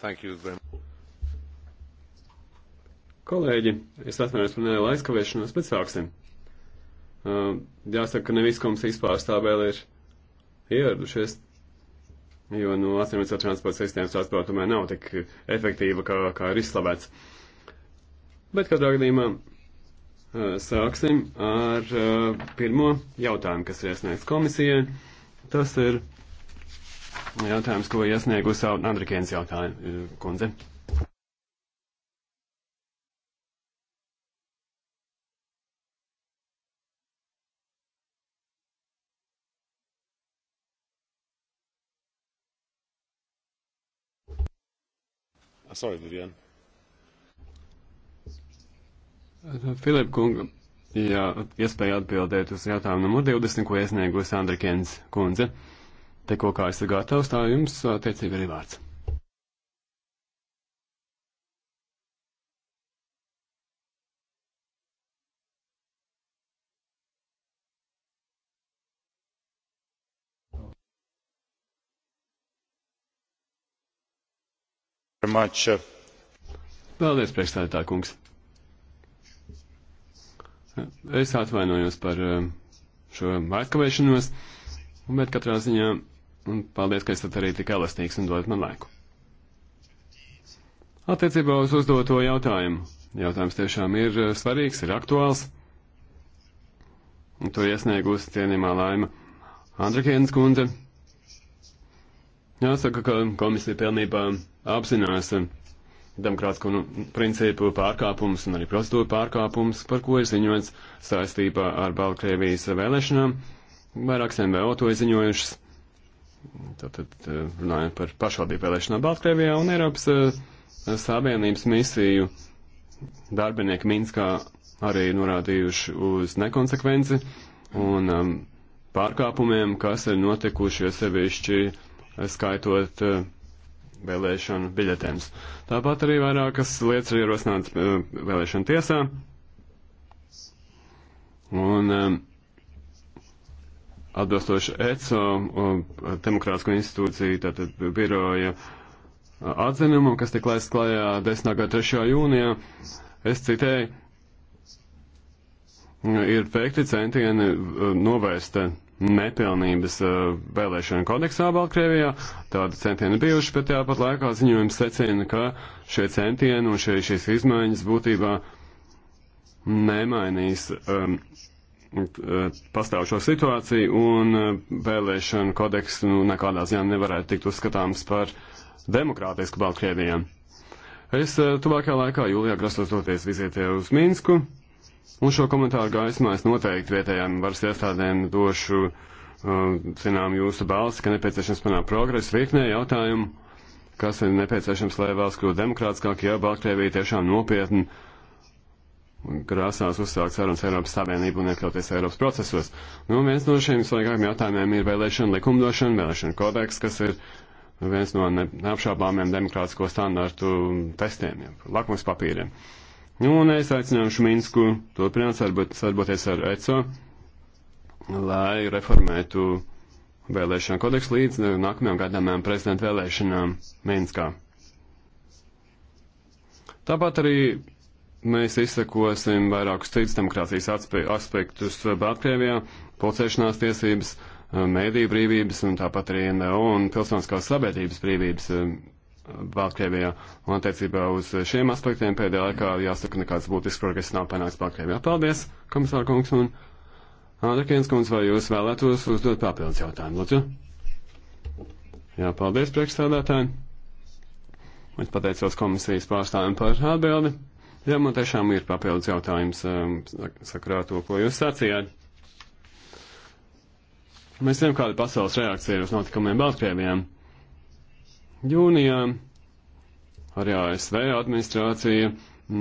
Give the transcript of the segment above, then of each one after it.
Thank you very much. Kolēģi, es atvainojos par nelielu aizkavēšanos, bet sāksim. Uh, jāsaka, ka ne visi komisijas pārstāvē vēl ir ieradušies, jo, nu, atsimredzot transporta sistēmas transporta tomēr nav tik efektīva, kā, kā ir izslavēts. Bet katrā gadījumā uh, sāksim ar uh, pirmo jautājumu, kas ir iesniegts komisijai. Tas ir jautājums, ko iesniegusi Andrikēns jautājumu eh, kundze. Ah, sorry, Vivian. Uh, Filipa kunga, jā, iespēja atbildēt uz jautājumu numur 20, ko iesniegusi Andrikēns kundze. Uh, Tikko kā esat gatavs, tā jums attiecīgi arī vārds. Uh, Paldies, priekšstādātā kungs. Es atvainojos par šo aizkavēšanos, bet katrā ziņā Un paldies, ka esat arī tik elastīgs un dodat man laiku. Attiecībā uz uzdoto jautājumu. Jautājums tiešām ir eh, svarīgs, ir aktuāls. Un to iesniegusi cienījumā laima Andrakienas kundze. Jāsaka, ka komisija pilnībā apzinās eh, demokrātisko nu, principu pārkāpumus un arī procedūru pārkāpumus, par ko ir ziņots saistībā ar Baltkrievijas vēlēšanām. Vairākas NVO to ir ziņojušas. Tātad eh, runājam par pašvaldību vēlēšanām Baltkrievijā un Eiropas eh, Savienības misiju darbinieki Minskā arī norādījuši uz nekonsekvenci un um, pārkāpumiem, kas ir notikuši, jo sevišķi eh, skaitot uh, vēlēšanu biļetēms. Tāpat arī vairākas lietas ir ierosināts uh, vēlēšanu tiesā. Un um, atbilstoši ECO uh, demokrātisko institūciju, tātad biroja uh, atzinumam, kas tika laists klajā 10. gada 3. jūnijā, es citēju, ir veikti centieni uh, novērst nepilnības vēlēšana kodeksā Baltkrievijā. Tādi centieni bijuši, bet tāpat laikā ziņojums secina, ka šie centieni un šie, šīs izmaiņas būtībā nemainīs um, pastāvošo situāciju, un eh, vēlēšanu kodeks nu, nekādā ziņā nevarētu tikt uzskatāms par demokrātisku Baltkrievijā. Es eh, tuvākajā laikā jūlijā grasos doties vizietē uz Minsku, un šo komentāru gaismā es noteikti vietējām varas iestādēm došu, uh, zinām, jūsu balsi, ka nepieciešams panākt progresu virknē jautājumu, kas ir nepieciešams, lai valsts kļūtu demokrātiskāk, ja Baltkrievija tiešām nopietni uh, grasās uzsākt sarunas Eiropas Savienību un iekļauties Eiropas procesos. Nu, viens no šiem svarīgākiem jautājumiem ir vēlēšana likumdošana, vēlēšana kodeks, kas ir viens no neapšābāmiem demokrātisko standartu testiem, ja, lakmus papīriem. Nu, un es aicināšu Minsku turpināt sarboties ar ECO, lai reformētu vēlēšana kodeksu līdz nākamajām gadamēm prezidenta vēlēšanām Minskā. Tāpat arī mēs izsekosim vairākus cits demokrātijas atspe, aspektus Baltkrievijā, pulcēšanās tiesības, eh, mēdīju brīvības un tāpat arī NVO un pilsoniskās sabiedrības brīvības eh, Baltkrievijā. Un attiecībā uz šiem aspektiem pēdējā laikā jāsaka nekāds būtisks progress nav panāks Baltkrievijā. Paldies, komisāra kungs un Ādrikēns kungs, vai jūs vēlētos uzdot papildus jautājumu, lūdzu? Jā, paldies priekšstādātāji. Es pateicos komisijas pārstāvjiem par atbildi. Jā, man tiešām ir papildus jautājums um, sakrā to, ko jūs sacījāt. Mēs zinām, kāda pasaules reakcija ir uz notikumiem Baltkrievijām. Jūnijā arī ASV administrācija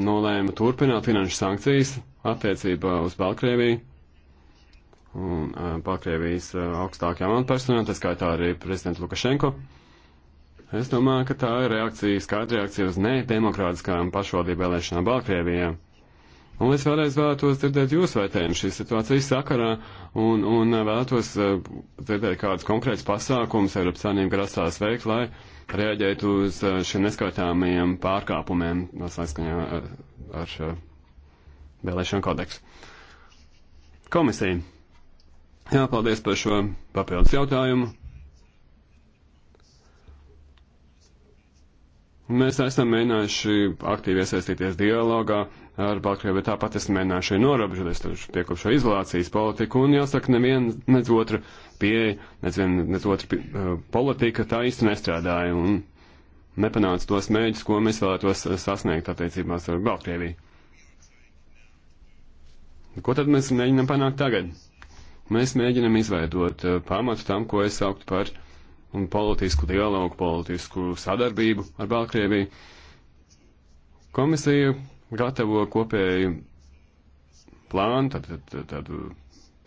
nolēma turpināt finanšu sankcijas attiecībā uz Baltkrieviju un uh, Baltkrievijas uh, augstākajām amatpersonām, tā skaitā arī prezidents Lukašenko. Uh, Es domāju, ka tā ir reakcija, skaidra reakcija uz nedemokrātiskām pašvaldību vēlēšanām Baltkrievijā. Un es vēlreiz vēlētos dzirdēt jūsu vērtējumu šīs situācijas sakarā un, un vēlētos eh, dzirdēt kādus konkrētus pasākumus Eiropas Savienība grasās veikt, lai reaģētu uz eh, šiem neskaitāmajiem pārkāpumiem no saskaņā eh, ar, ar vēlēšanu kodeksu. Komisija. Jā, paldies par šo papildus jautājumu. Mēs esam mēģinājuši aktīvi iesaistīties dialogā ar Baltkrieviju, bet tāpat esam mēģinājuši norobežoties piekopšo izolācijas politiku, un jāsaka, neviena, nec otra pieeja, nec viena, nec otra uh, politika tā īsti nestrādāja, un nepanāca tos mēģus, ko mēs vēlētos uh, sasniegt attiecībās ar Baltkrieviju. Ko tad mēs mēģinam panākt tagad? Mēs mēģinam izveidot uh, pamatu tam, ko es sauktu par uh, un politisku dialogu, politisku sadarbību ar Baltkrieviju. Komisija gatavo kopēju plānu, tad, tad, tad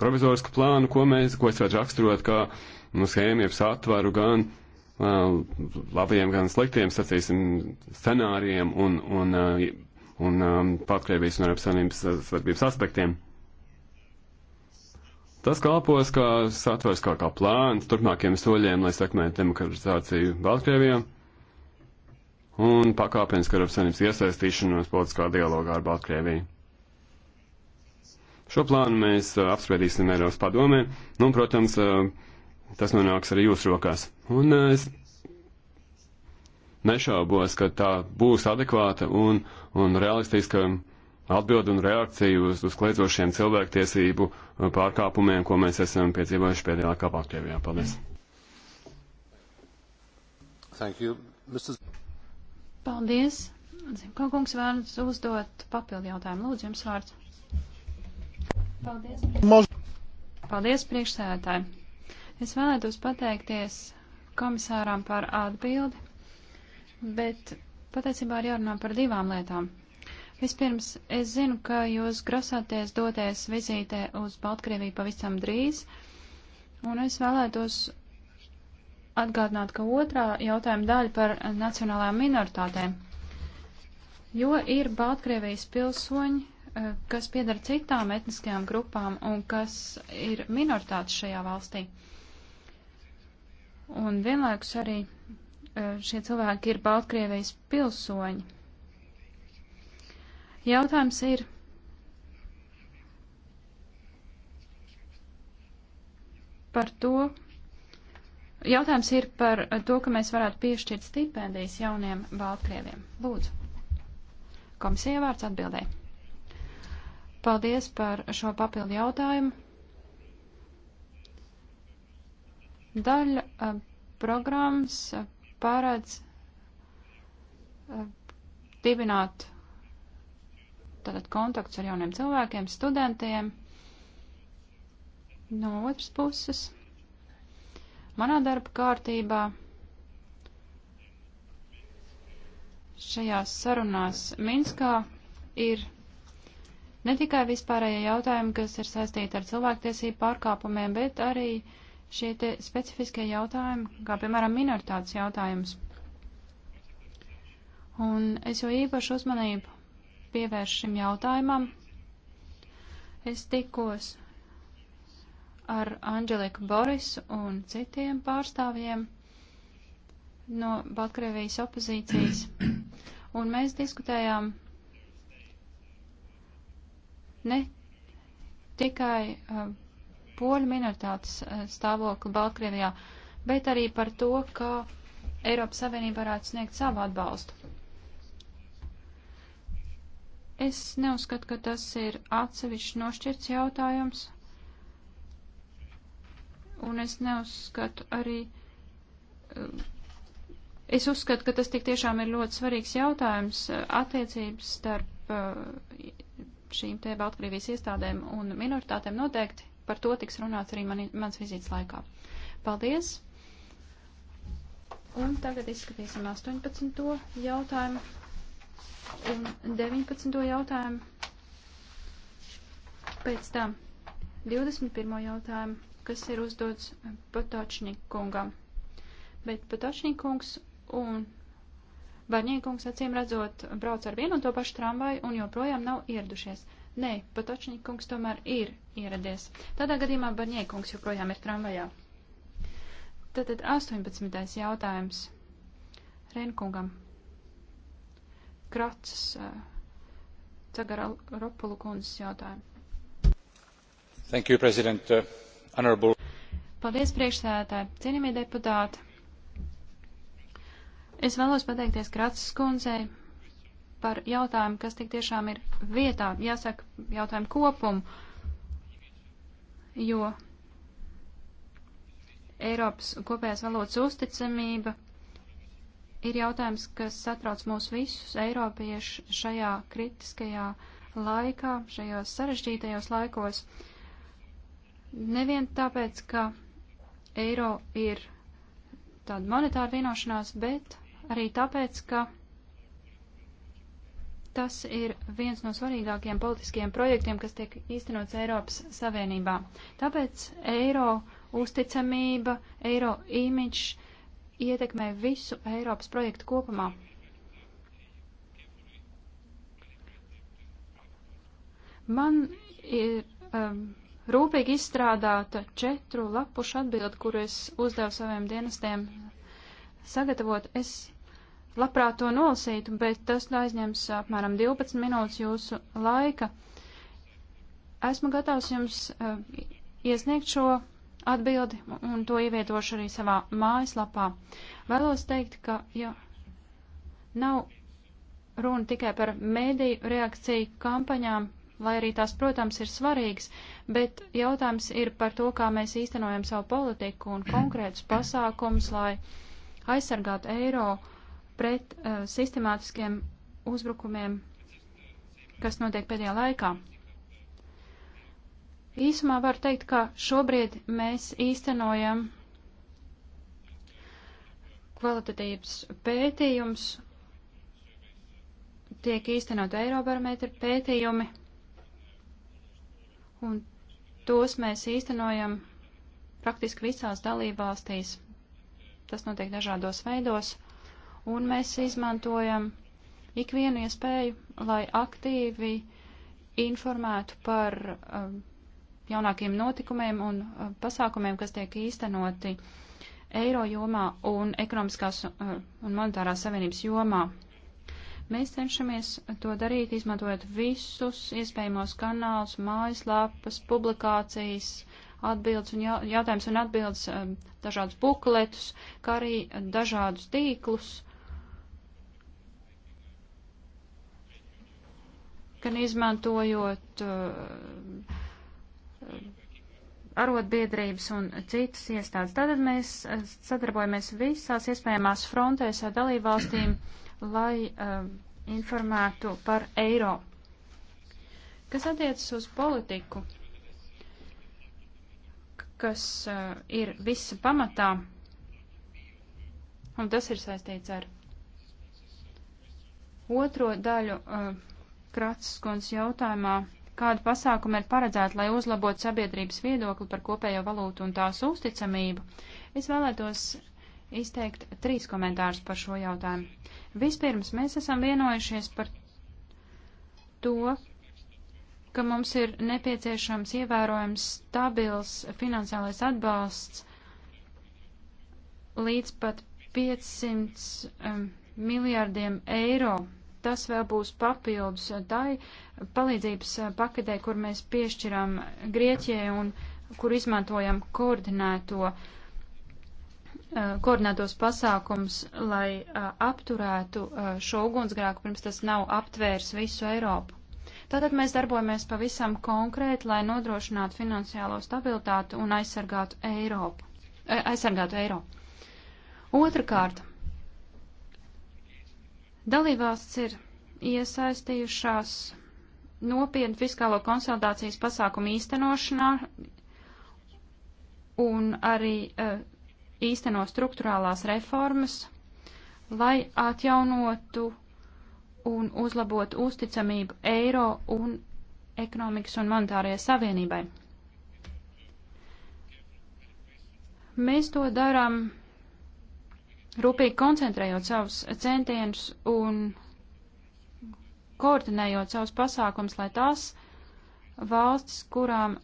provizorisku plānu, ko mēs, ko es varētu raksturot, kā nu, schēmu, jeb satvaru gan uh, labajiem, gan sliktiem, sacīsim, scenārijiem un, un, uh, un um, Baltkrievijas un Eiropas Savienības sadarbības aspektiem. Tas kalpos kā satvers kā, kā plāns turpmākiem soļiem, lai sekmētu demokratizāciju Baltkrievijā un pakāpeniski Eiropas Savienības iesaistīšanos politiskā dialogā ar Baltkrieviju. Šo plānu mēs uh, apspriedīsim Eiropas padomē, nu, un, protams, uh, tas nonāks arī jūsu rokās. Un uh, es nešaubos, ka tā būs adekvāta un, un realistiska atbildi un reakciju uz, uz kliedzošiem cilvēktiesību uh, pārkāpumiem, ko mēs esam piedzīvojuši pēdējā laikā Baltkrievijā. Paldies! Thank you. Mr. Paldies! Zimko kungs vēlas uzdot papildu jautājumu. Lūdzu, jums vārds. Paldies. Priekš... Paldies, priekšsēdētāji. Es vēlētos pateikties komisāram par atbildi, bet patiesībā ir jārunā par divām lietām. Vispirms, es zinu, ka jūs grasāties doties vizītē uz Baltkrieviju pavisam drīz, un es vēlētos atgādināt, ka otrā jautājuma daļa par nacionālajām minoritātēm. Jo ir Baltkrievijas pilsoņi, eh, kas piedara citām etniskajām grupām un kas ir minoritātes šajā valstī. Un vienlaikus arī eh, šie cilvēki ir Baltkrievijas pilsoņi. Jautājums ir. Par to, Jautājums ir par to, ka mēs varētu piešķirt stipendijas jauniem Baltkrieviem. Lūdzu. Komisija vārds atbildē. Paldies par šo papildu jautājumu. Daļa uh, programmas uh, paredz uh, dibināt tātad kontakts ar jauniem cilvēkiem, studentiem. No otras puses, manā darba kārtībā šajās sarunās Minskā ir ne tikai vispārējie jautājumi, kas ir saistīti ar cilvēktiesību pārkāpumiem, bet arī šie te specifiskie jautājumi, kā piemēram minoritātes jautājums. Un es jau īpašu uzmanību pievērš šim jautājumam. Es tikos ar Anģeliku Borisu un citiem pārstāvjiem no Baltkrievijas opozīcijas, un mēs diskutējām ne tikai uh, poļu minoritātes uh, stāvokli Baltkrievijā, bet arī par to, kā Eiropas Savienība varētu sniegt savu atbalstu. Es neuzskatu, ka tas ir atsevišķs nošķirts jautājums, un es neuzskatu arī. Eh, es uzskatu, ka tas tik tiešām ir ļoti svarīgs jautājums eh, attiecības starp eh, šīm te Baltkrievijas iestādēm un minoritātēm noteikti. Par to tiks runāts arī mani, mans vizītes laikā. Paldies! Un tagad izskatīsim 18. jautājumu un 19. jautājumu. Pēc tam 21. jautājumu, kas ir uzdots Patočnikungam. Bet Patočnikungs un Barņiekungs acīm redzot brauc ar vienu un to pašu tramvaju un joprojām nav ieradušies. Nē, Patočnikungs tomēr ir ieradies. Tādā gadījumā Barņiekungs joprojām ir tramvajā. Tātad 18. jautājums Renkungam Kratsas eh, Cagara Ropulu kundzes jautājumu. Thank you, President. Uh, honorable. Paldies, priekšsēdētāji. Cienījamie deputāti. Es vēlos pateikties Kratsas kundzei par jautājumu, kas tik tiešām ir vietā, jāsaka, jautājumu kopumu, jo Eiropas kopējās valodas uzticamība ir jautājums, kas satrauc mūs visus eiropiešus šajā kritiskajā laikā, šajos sarežģītajos laikos. Nevien tāpēc, ka eiro ir tāda monetāra vienošanās, bet arī tāpēc, ka tas ir viens no svarīgākajiem politiskiem projektiem, kas tiek īstenots Eiropas Savienībā. Tāpēc eiro uzticamība, eiro imidžs ietekmē visu Eiropas projektu kopumā. Man ir um, rūpīgi izstrādāta četru lapušu atbildi, kuru es uzdevu saviem dienestiem sagatavot. Es labprāt to nolasītu, bet tas aizņems apmēram 12 minūtes jūsu laika. Esmu gatavs jums uh, iesniegt šo atbildi un to ievietošu arī savā mājaslapā. Vēlos teikt, ka ja nav runa tikai par mēdīju reakciju kampaņām, lai arī tās, protams, ir svarīgas, bet jautājums ir par to, kā mēs īstenojam savu politiku un konkrētus pasākumus, lai aizsargātu eiro pret uh, sistemātiskiem uzbrukumiem, kas notiek pēdējā laikā. Īsumā var teikt, ka šobrīd mēs īstenojam kvalitatīvas pētījums, tiek īstenot eirobarometru pētījumi, un tos mēs īstenojam praktiski visās dalībvalstīs. Tas notiek dažādos veidos, un mēs izmantojam ikvienu iespēju, lai aktīvi informētu par um, jaunākiem notikumiem un uh, pasākumiem, kas tiek īstenoti eiro jomā un ekonomiskās uh, un monetārās savienības jomā. Mēs cenšamies to darīt, izmantojot visus iespējamos kanālus, mājaslapas, publikācijas, atbildes un jautājums un atbildes, um, dažādus bukletus, kā arī dažādus tīklus, gan izmantojot uh, arotbiedrības un citas iestādes. Tātad mēs eh, sadarbojamies visās iespējamās frontēs ar dalībvalstīm, lai uh, informētu par eiro. Kas attiecas uz politiku, kas uh, ir visa pamatā, un tas ir saistīts ar otro daļu uh, Kratskundas jautājumā kādu pasākumu ir paredzēta, lai uzlabotu sabiedrības viedokli par kopējo valūtu un tās uzticamību, es vēlētos izteikt trīs komentārus par šo jautājumu. Vispirms, mēs esam vienojušies par to, ka mums ir nepieciešams ievērojams stabils finansiālais atbalsts līdz pat 500 um, miljārdiem eiro tas vēl būs papildus tai palīdzības paketē, kur mēs piešķiram Grieķijai un kur izmantojam koordinēto, eh, koordinētos pasākums, lai eh, apturētu eh, šo ugunsgrēku, pirms tas nav aptvērs visu Eiropu. Tātad mēs darbojamies pavisam konkrēti, lai nodrošinātu finansiālo stabilitātu un aizsargātu Eiropu. Aizsargātu Eiropu. Otrakārt, Dalībvalsts ir iesaistījušās nopietnu fiskālo konsolidācijas pasākumu īstenošanā un arī uh, īsteno struktūrālās reformas, lai atjaunotu un uzlabotu uzticamību eiro un ekonomikas un monetārajai savienībai. Mēs to darām rūpīgi koncentrējot savus centienus un koordinējot savus pasākums, lai tās valstis, kurām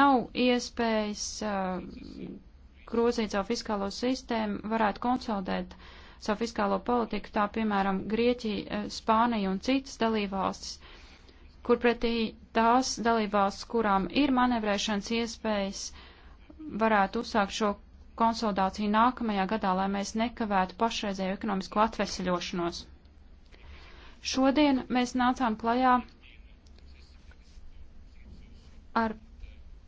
nav iespējas uh, grozīt savu fiskālo sistēmu, varētu konsolidēt savu fiskālo politiku, tā piemēram Grieķija, uh, Spānija un citas dalībvalstis, kur pretī tās dalībvalstis, kurām ir manevrēšanas iespējas, varētu uzsākt šo konsolidāciju nākamajā gadā, lai mēs nekavētu pašreizēju ekonomisko atveseļošanos. Šodien mēs nācām klajā ar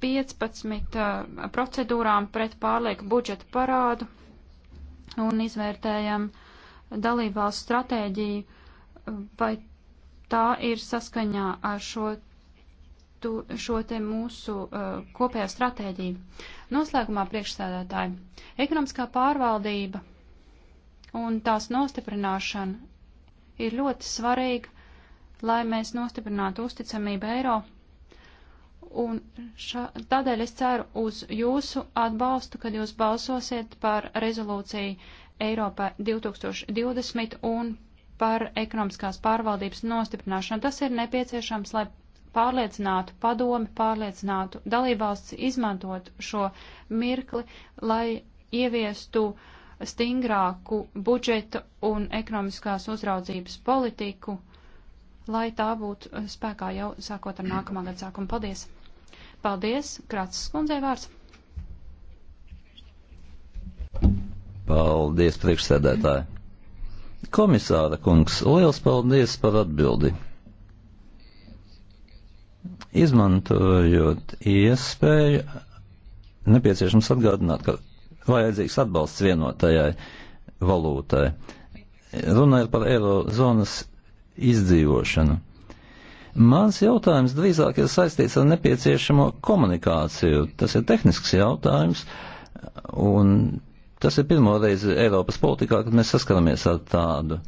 15 uh, procedūrām pret pārlieku budžeta parādu un izvērtējam dalībvalstu stratēģiju, uh, vai tā ir saskaņā ar šo tu, šo te mūsu uh, kopējo stratēģiju. Noslēgumā priekšsēdētāji, ekonomiskā pārvaldība un tās nostiprināšana ir ļoti svarīga, lai mēs nostiprinātu uzticamību eiro. Un ša, tādēļ es ceru uz jūsu atbalstu, kad jūs balsosiet par rezolūciju Eiropā 2020 un par ekonomiskās pārvaldības nostiprināšanu. Tas ir nepieciešams, lai pārliecinātu padomi, pārliecinātu dalībvalsts izmantot šo mirkli, lai ieviestu stingrāku budžeta un ekonomiskās uzraudzības politiku, lai tā būtu spēkā jau sākot ar nākamā gada sākumu. Paldies! Paldies! Krācis skundzei vārds! Paldies, priekšsēdētāji! Komisāra kungs, liels paldies par atbildi! Izmantojot iespēju, nepieciešams atgādināt, ka vajadzīgs atbalsts vienotajai valūtai. Runa ir par eirozonas izdzīvošanu. Mans jautājums drīzāk ir saistīts ar nepieciešamo komunikāciju. Tas ir tehnisks jautājums, un tas ir pirmo reizi Eiropas politikā, kad mēs saskaramies ar tādu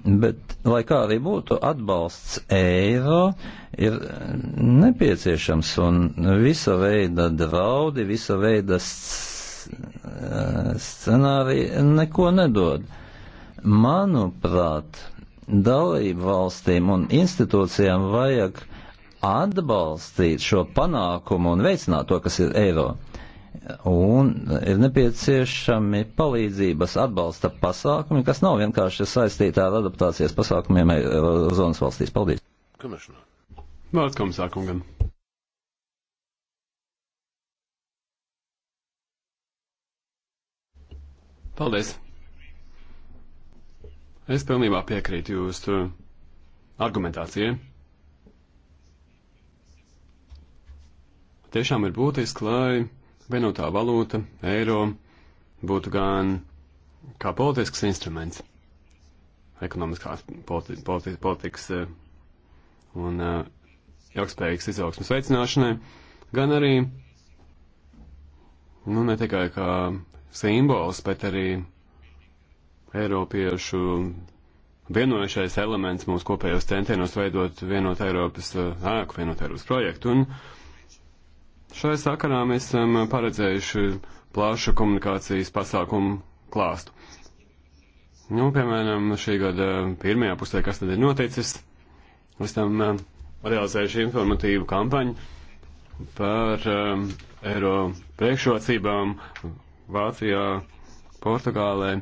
Bet, lai kā arī būtu, atbalsts eiro ir nepieciešams un visa veida draudi, visa veida scenāriji neko nedod. Manuprāt, dalību valstīm un institūcijām vajag atbalstīt šo panākumu un veicināt to, kas ir eiro un ir nepieciešami palīdzības atbalsta pasākumi, kas nav vienkārši saistīti ar adaptācijas pasākumiem zonas valstīs. Paldies! Komisāra. Vārds komisārkungam. Paldies! Es pilnībā piekrītu jūsu argumentācijai. Tiešām ir būtiski, lai vienotā valūta, eiro, būtu gan kā politisks instruments, ekonomiskās politi politi politikas eh, un eh, ilgspējīgas izaugsmas veicināšanai, gan arī, nu, ne tikai kā simbols, bet arī Eiropiešu vienojušais elements mūsu kopējos centienos veidot vienot Eiropas eh, ēku, vienot Eiropas projektu. Un, Šai sakarā mēs esam paredzējuši plašu komunikācijas pasākumu klāstu. Nu, piemēram, šī gada pirmajā pusē, kas tad ir noticis, esam eh, realizējuši informatīvu kampaņu par um, eiro priekšrocībām Vācijā, Portugālē,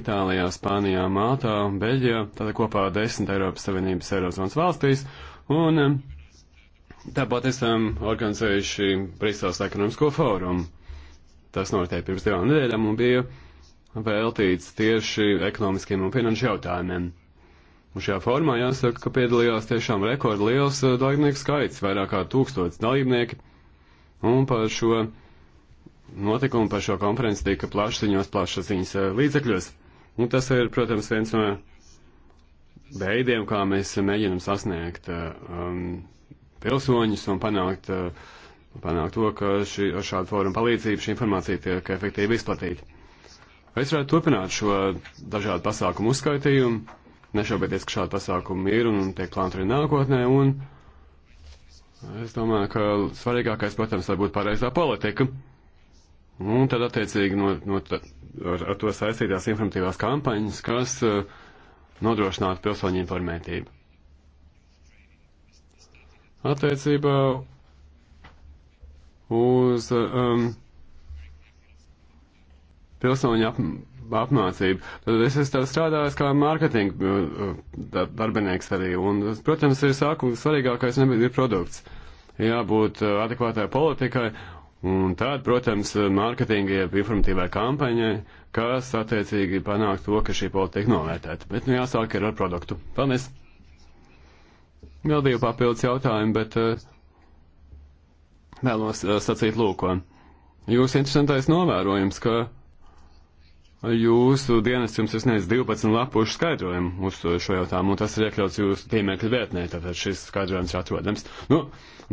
Itālijā, Spānijā, Maltā, Beļģijā, tātad kopā 10 Eiropas Savienības Eirozonas valstīs. Un um, Tāpat esam organizējuši Brīseles ekonomisko fórumu. Tas noritēja pirms divām nedēļām un bija veltīts tieši ekonomiskiem un finanšu jautājumiem. Un šajā formā jāsaka, ka piedalījās tiešām rekordliels eh, dalībnieku skaits, vairāk kā tūkstots dalībnieki. Un par šo notikumu, par šo konferenci tika plašsaziņos, plašsaziņas eh, līdzekļos. Un tas ir, protams, viens no veidiem, kā mēs mēģinam sasniegt eh, um, pilsoņus un panākt, eh, panākt to, ka šī, ar šādu fórumu palīdzību šī informācija tiek efektīvi izplatīta. Es varētu turpināt šo dažādu pasākumu uzskaitījumu, nešaubieties, ka šādi pasākumi ir un tiek plānoti arī nākotnē, un es domāju, ka svarīgākais, protams, var būt pareizā politika. Un tad, attiecīgi, no, no, ar, ar to saistītās informatīvās kampaņas, kas uh, nodrošinātu pilsoņu informētību attiecībā uz um, pilsoņu ap, apmācību. Tad es esmu strādājis kā mārketinga uh, darbinieks arī, un, protams, ir sāku svarīgākais ir produkts. Jābūt uh, adekvātai politikai, un tād, protams, mārketinga jeb informatīvai kampaņai, kas attiecīgi panāk to, ka šī politika novērtēta. Bet, nu, jāsāk ir ar produktu. Paldies! Vēl divi papildus jautājumi, bet uh, vēlos uh, sacīt lūko. Jūsu interesantais novērojums, ka jūsu dienas jums ir sniedz 12 lapušu skaidrojumu uz šo jautājumu, un tas ir iekļauts jūsu tīmekļa vietnē, tātad šis skaidrojums ir atrodams. Nu,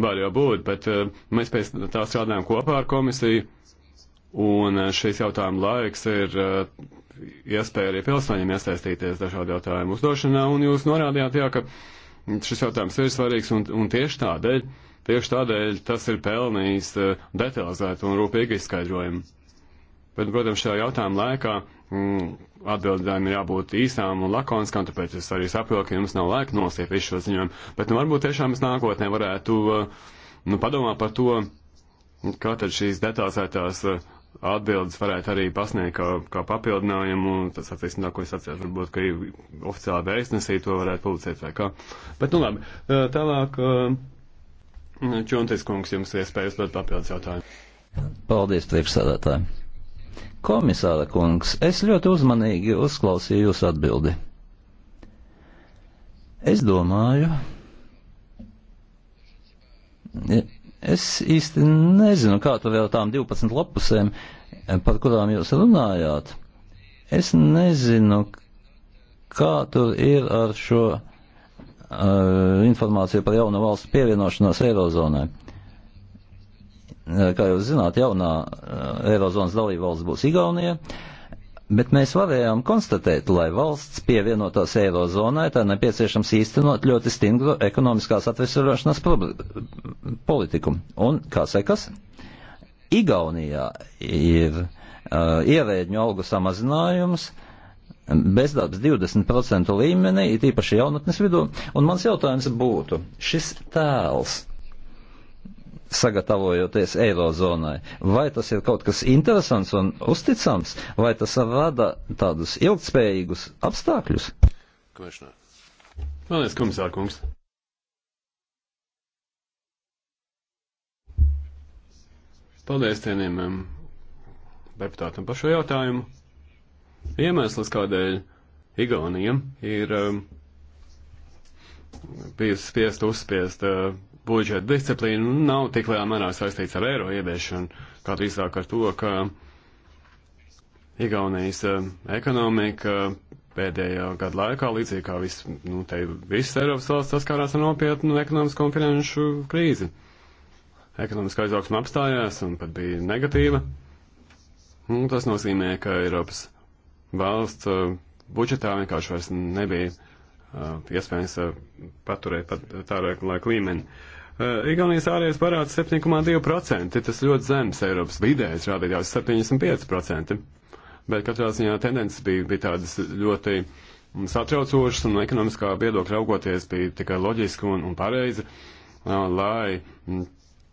var jau būt, bet uh, mēs pēc tā strādājam kopā ar komisiju, un uh, šis jautājuma laiks ir. Uh, iespēja arī pilsoņiem iesaistīties dažādu jautājumu uzdošanā, un jūs norādījāt, jā, ka šis jautājums ir svarīgs un, un tieši tādēļ, tieši tādēļ tas ir pelnījis eh, detalizētu un rūpīgu izskaidrojumu. Bet, protams, šajā jautājuma laikā mm, atbildēm ir jābūt īsām un lakoniskām, tāpēc es arī saprotu, ka jums nav laika nosiet visu šo ziņojumu. Bet, nu, varbūt tiešām es nākotnē varētu, eh, nu, padomāt par to, kā tad šīs detalizētās uh, atbildes varētu arī pasniegt kā, kā papildinājumu. Tas attiecas no tā, ko es atceros, varbūt, ka oficiālā vēstnesī to varētu publicēt vai kā. Bet, nu labi, tālāk Čontis kungs jums iespēja uzdot papildus jautājumu. Paldies, priekšsādātāji. Komisāra kungs, es ļoti uzmanīgi uzklausīju jūsu atbildi. Es domāju, Es īsti nezinu, kā tu vēl tām 12 lapusēm, par kurām jūs runājāt. Es nezinu, kā tur ir ar šo uh, informāciju par jaunu valstu pievienošanos Eirozonai. Kā jūs zināt, jaunā uh, Eirozonas dalībvalsts būs Igaunija. Uh, Bet mēs varējām konstatēt, lai valsts pievienotos eirozonai, tā nepieciešams īstenot ļoti stingru ekonomiskās atvesarošanās politiku. Un kā sekas? Igaunijā ir uh, ievēģņu algu samazinājums, bezdarbs 20% līmenī, it īpaši jaunatnes vidū, un mans jautājums būtu, šis tēls sagatavojoties Eirozonai. Vai tas ir kaut kas interesants un uzticams, vai tas rada tādus ilgspējīgus apstākļus? Komisār. Paldies, komisār kungs. Paldies cienījumiem deputātam par šo jautājumu. Iemesls, kādēļ Igauniem ir um, bijusi spiest uzspiest uh, budžeta disciplīna nav tik lielā mērā saistīts ar eiro ieviešanu, kā drīzāk ar to, ka Igaunijas eh, ekonomika pēdējā gada laikā, līdzīgi kā vis, nu, te, visas Eiropas valsts saskārās ar nopietnu ekonomisko un finanšu krīzi. Ekonomiskā izaugsma apstājās un pat bija negatīva. Un nu, tas nozīmē, ka Eiropas valsts eh, budžetā vienkārši vairs nebija eh, iespējams paturēt pat tā laika līmeni. Eh, Igaunijas ārējais parāds 7,2%, tas ļoti zems Eiropas vidējais rādītājs 75%, bet katrā ziņā tendences bija, bija tādas ļoti mm, satraucošas un ekonomiskā viedokļa augoties bija tikai loģiski un, un pareizi, eh, lai mm,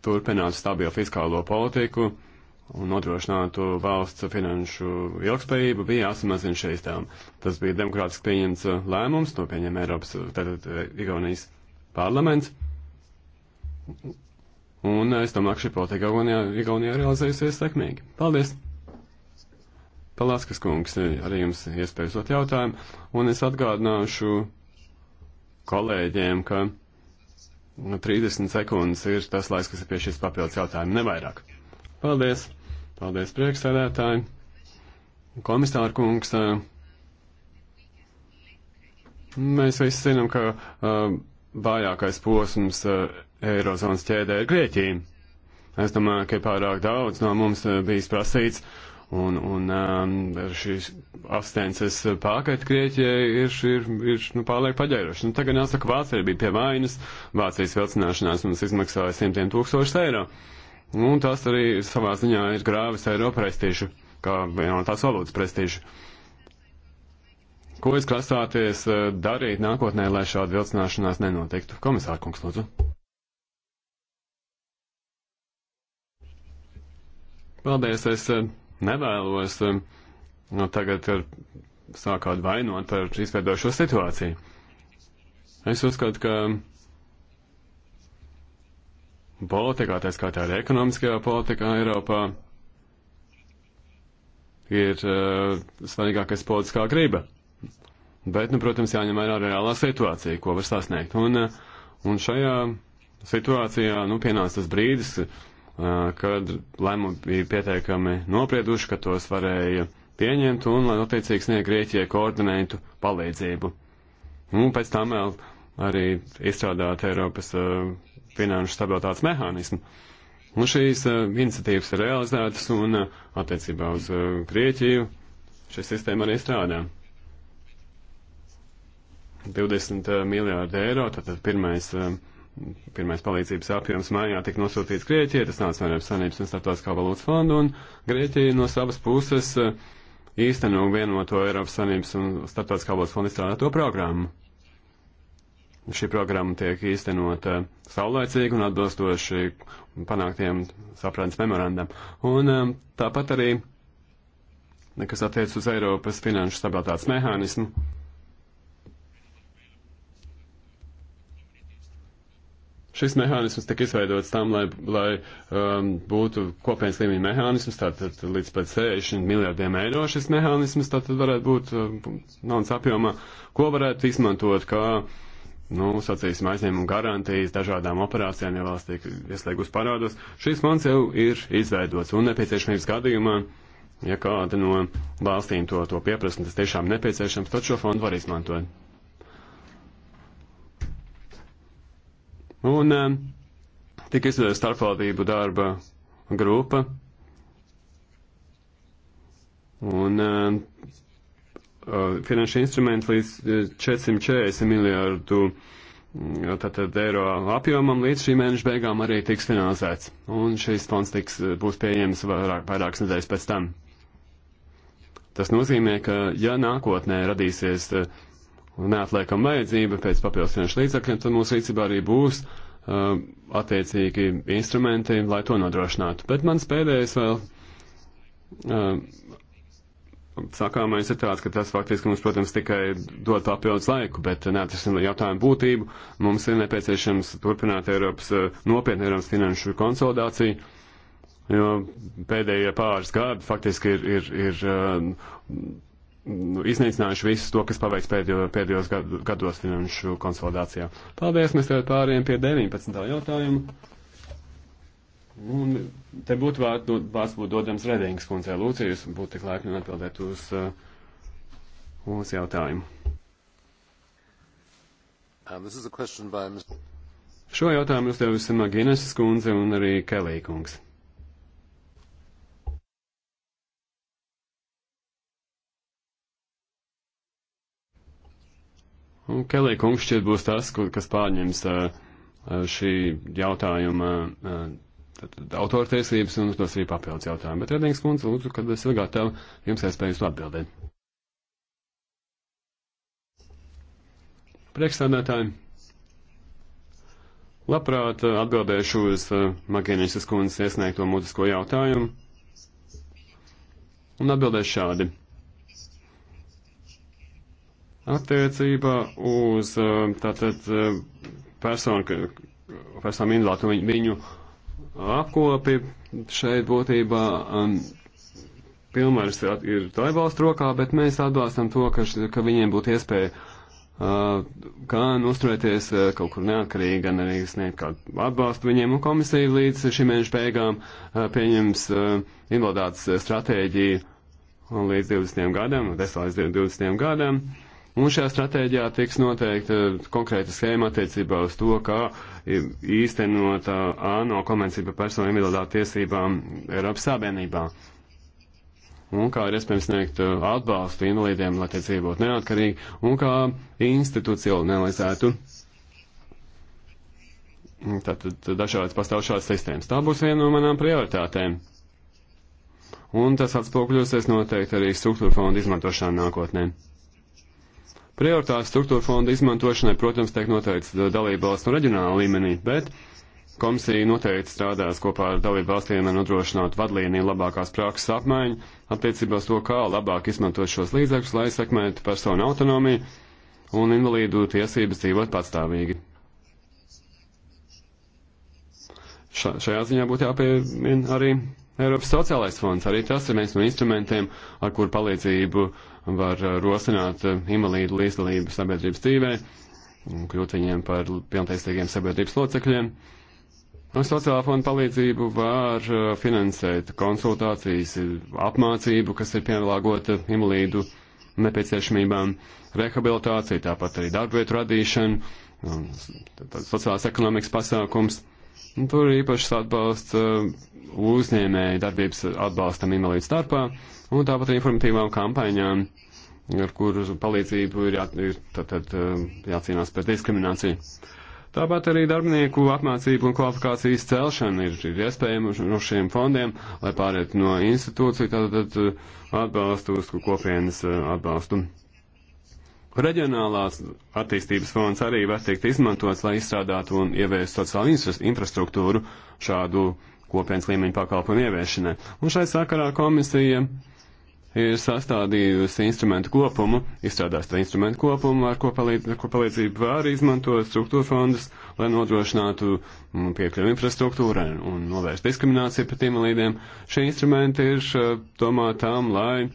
turpinātu stabilu fiskālo politiku un nodrošinātu valsts finanšu ilgspējību, bija jāsamazina šīs tām. Tas bija demokrātiski pieņemts eh, lēmums, to pieņēma Eiropas, tātad Igaunijas parlaments. Un es domāju, ka šī politika Igaunijā realizējusies sekmīgi. Paldies! Palaskas kungs, arī jums iespēja uzdot jautājumu, un es atgādināšu kolēģiem, ka 30 nu, sekundes ir tas laiks, kas ir pie šīs papildus jautājuma, nevairāk. Paldies! Paldies, priekšsēdētāji! Komisāra kungs, mēs visi zinām, ka uh, vājākais posms uh, Eirozonas ķēdē ir Grieķija. Es domāju, ka pārāk daudz no mums eh, bijis prasīts, un, un um, šīs abstences pakaļ Grieķijai ir, ir, ir nu, pārliek paģēruši. Nu, tagad jāsaka, Vācija bija pie vainas, Vācijas vilcināšanās mums izmaksāja simtiem tūkstošus eiro. Un tas arī savā ziņā ir grāvis eiro prestīžu, kā viena no tās valūtas prestīžu. Ko jūs grasāties eh, darīt nākotnē, lai šāda vilcināšanās nenotiktu? Komisārkungs, lūdzu. Paldies, es eh, nevēlos eh, nu, tagad eh, sākāt vainot ar izveidošo situāciju. Es uzskatu, ka politikā, tā skaitā arī ekonomiskajā politikā Eiropā, ir uh, svarīgākais politiskā griba. Bet, nu, protams, jāņem vērā reālā situācija, ko var sasniegt. Un, uh, un šajā situācijā, nu, pienāca tas brīdis, uh, kad lēmumi bija pietiekami noprieduši, ka tos varēja pieņemt un, lai attiecīgi sniegt Grieķijai koordinētu palīdzību. Un pēc tam vēl arī izstrādāt Eiropas uh, finanšu stabilitātes mehānismu. Un šīs uh, iniciatīvas ir realizētas un uh, attiecībā uz uh, Grieķiju šī sistēma arī strādā. 20 uh, miljārdi eiro, tātad pirmais uh, Pirmais palīdzības apjoms mājā tika nosūtīts Grieķijai, tas nāca no Eiropas Savienības un Startautiskā valūtas fonda, un Grieķija no savas puses eh, īsteno vienoto Eiropas Savienības un Startautiskā valūtas fonda izstrādāto programmu. Šī programma tiek īstenota eh, saulēcīgi un atbilstoši panāktiem saprātas memorandam. Un eh, tāpat arī, kas attiec uz Eiropas finanšu stabilitātes mehānismu, Šis mehānisms tika izveidots tam, lai, lai um, būtu kopienas līmeņa mehānisms, tātad līdz pat 60 miljārdiem eiro šis mehānisms, tātad varētu būt um, naudas apjomā, ko varētu izmantot kā, nu, sacīsim, aizņēmumu garantijas dažādām operācijām, ja valsts tiek ieslēgus parādos. Šis fonds jau ir izveidots un nepieciešamības gadījumā, ja kāda no valstīm to, to pieprasa, tas tiešām nepieciešams, tad šo fondu var izmantot. Un um, tika izveidota starpvaldību darba grupa. Un um, uh, finanšu instrumenti līdz 440 uh, miljārdu mm, tātad eiro apjomam līdz šī mēneša beigām arī tiks finansēts. Un šis fonds tiks, uh, būs pieejams vairāk, vairākas nedēļas pēc tam. Tas nozīmē, ka ja nākotnē radīsies uh, neatliekama vajadzība pēc papildus finanšu līdzakļiem, tad mūsu rīcībā arī būs uh, attiecīgi instrumenti, lai to nodrošinātu. Bet mans pēdējais vēl uh, um, sākāmais ir tāds, ka tas faktiski mums, protams, tikai dod papildus laiku, bet neatrisinot jautājumu būtību, mums ir nepieciešams turpināt Eiropas, uh, nopietnu Eiropas finanšu konsolidāciju. Jo pēdējie pāris gadi faktiski ir, ir, ir uh, nu, iznīcinājuši visu to, kas paveikts pēdējo, pēdējos gadu, gados finanšu konsolidācijā. Paldies, mēs tagad pārējiem pie 19. jautājumu. Un te būtu vārds būtu dodams Redingas kundzei Lūcija, jūs būtu tik laipni un atbildēt uz, uh, uz jautājumu. Um, by... Šo jautājumu uzdevusi Maginesas kundze un arī Kelī kungs. Un Kelija kungs šķiet būs tas, kas pārņems šī jautājuma autortiesības un tos arī papildus jautājumu. Bet Redings kundze, lūdzu, kad es vēl gatavu, jums iespēju uz to atbildēt. Priekšstādātāji, labprāt atbildēšu uz Magēnīsas kundzes iesniegto mūzisko jautājumu un atbildēšu šādi. Attiecībā uz tātad personu, personu indulātu viņu, viņu apkopi šeit būtībā um, pilnvaras ir taivalstu rokā, bet mēs atbalstam to, ka, ka viņiem būtu iespēja uh, gan uzturēties uh, kaut kur neatkarīgi, gan arī sniegt kādu atbalstu viņiem, un komisija līdz šī mēneša beigām uh, pieņems uh, invaliditātes stratēģiju līdz 20. gadam, 10 līdz 20. gadam. Uh, Un šajā stratēģijā tiks noteikta konkrēta schēma attiecībā uz to, kā īstenot ANO konvenciju par personu individuālām tiesībām Eiropas Savienībā. Un kā ir iespējams sniegt atbalstu invalīdiem, lai tie dzīvotu neatkarīgi, un kā institucionalizētu tātad dažādas pastāvošās sistēmas. Tā būs viena no manām prioritātēm. Un tas atspūkļosies noteikti arī struktūra fonda izmantošanā nākotnē. Prioritāte struktūra fonda izmantošanai, protams, tiek noteikta dalību valsts un reģionāla līmenī, bet komisija noteikti strādās kopā ar dalību valstīm, lai nodrošinātu vadlīniju labākās prakses apmaiņu attiecībā uz to, kā labāk izmantot šos līdzekļus, lai sekmētu personu autonomiju un invalīdu tiesības dzīvot patstāvīgi. Ša, šajā ziņā būtu jāpiemina arī Eiropas sociālais fonds. Arī tas ir viens no instrumentiem, ar kur palīdzību uh, var uh, rosināt uh, invalīdu līdzdalību sabiedrības dzīvē, kļūt viņiem par pilntiesīgiem sabiedrības locekļiem. Un sociālā fonda palīdzību var uh, finansēt konsultācijas, apmācību, kas ir pielāgota invalīdu nepieciešamībām, rehabilitāciju, tāpat arī darbvietu radīšanu, sociālās ekonomikas pasākums. Un tur ir īpašs atbalsts uh, uzņēmēju darbības atbalstam invalīdu starpā un tāpat arī informatīvām kampaņām, ar kuru palīdzību ir, jā, ir tad, tad, uh, jācīnās pret diskrimināciju. Tāpat arī darbinieku apmācību un kvalifikācijas celšana ir, ir iespējama no šiem fondiem, lai pāriet no institūciju tātad uh, atbalstu uz kopienas atbalstu. Reģionālās attīstības fonds arī var tikt izmantots, lai izstrādātu un ieviestu sociālu infrastruktūru šādu kopienas līmeņu pakalpojumu ieviešanai. Un šai sakarā komisija ir sastādījusi instrumentu kopumu, izstrādās tā instrumentu kopumu, ar ko, palīdz, ar ko palīdzību var izmantot struktūra fondus, lai nodrošinātu mm, piekļuvi infrastruktūrai un novērst diskrimināciju pret invalīdiem. Šie instrumenti ir eh, domāti tam, lai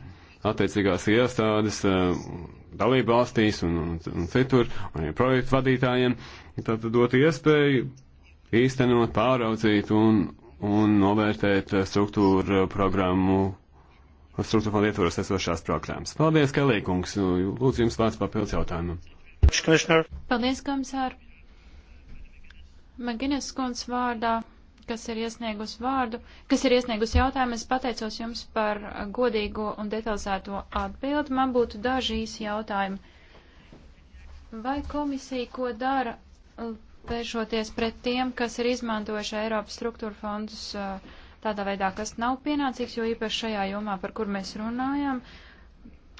attiecīgās iestādes eh, dalību valstīs un, un, un citur, un ja projektu vadītājiem, tad dot iespēju īstenot, pāraudzīt un, un novērtēt struktūru programmu, struktūru fondu ietvaros esošās programmas. Paldies, Kalīkungs. Lūdzu, jums vārds papildus jautājumam. Paldies, komisār. Maginas kundz vārdā kas ir iesniegus vārdu, kas ir iesniegus jautājumu. Es pateicos jums par godīgo un detalizēto atbildi. Man būtu daži īsi jautājumi. Vai komisija ko dara, vēršoties pret tiem, kas ir izmantojuši Eiropas struktūra fondus tādā veidā, kas nav pienācīgs, jo īpaši šajā jomā, par kur mēs runājam, uh,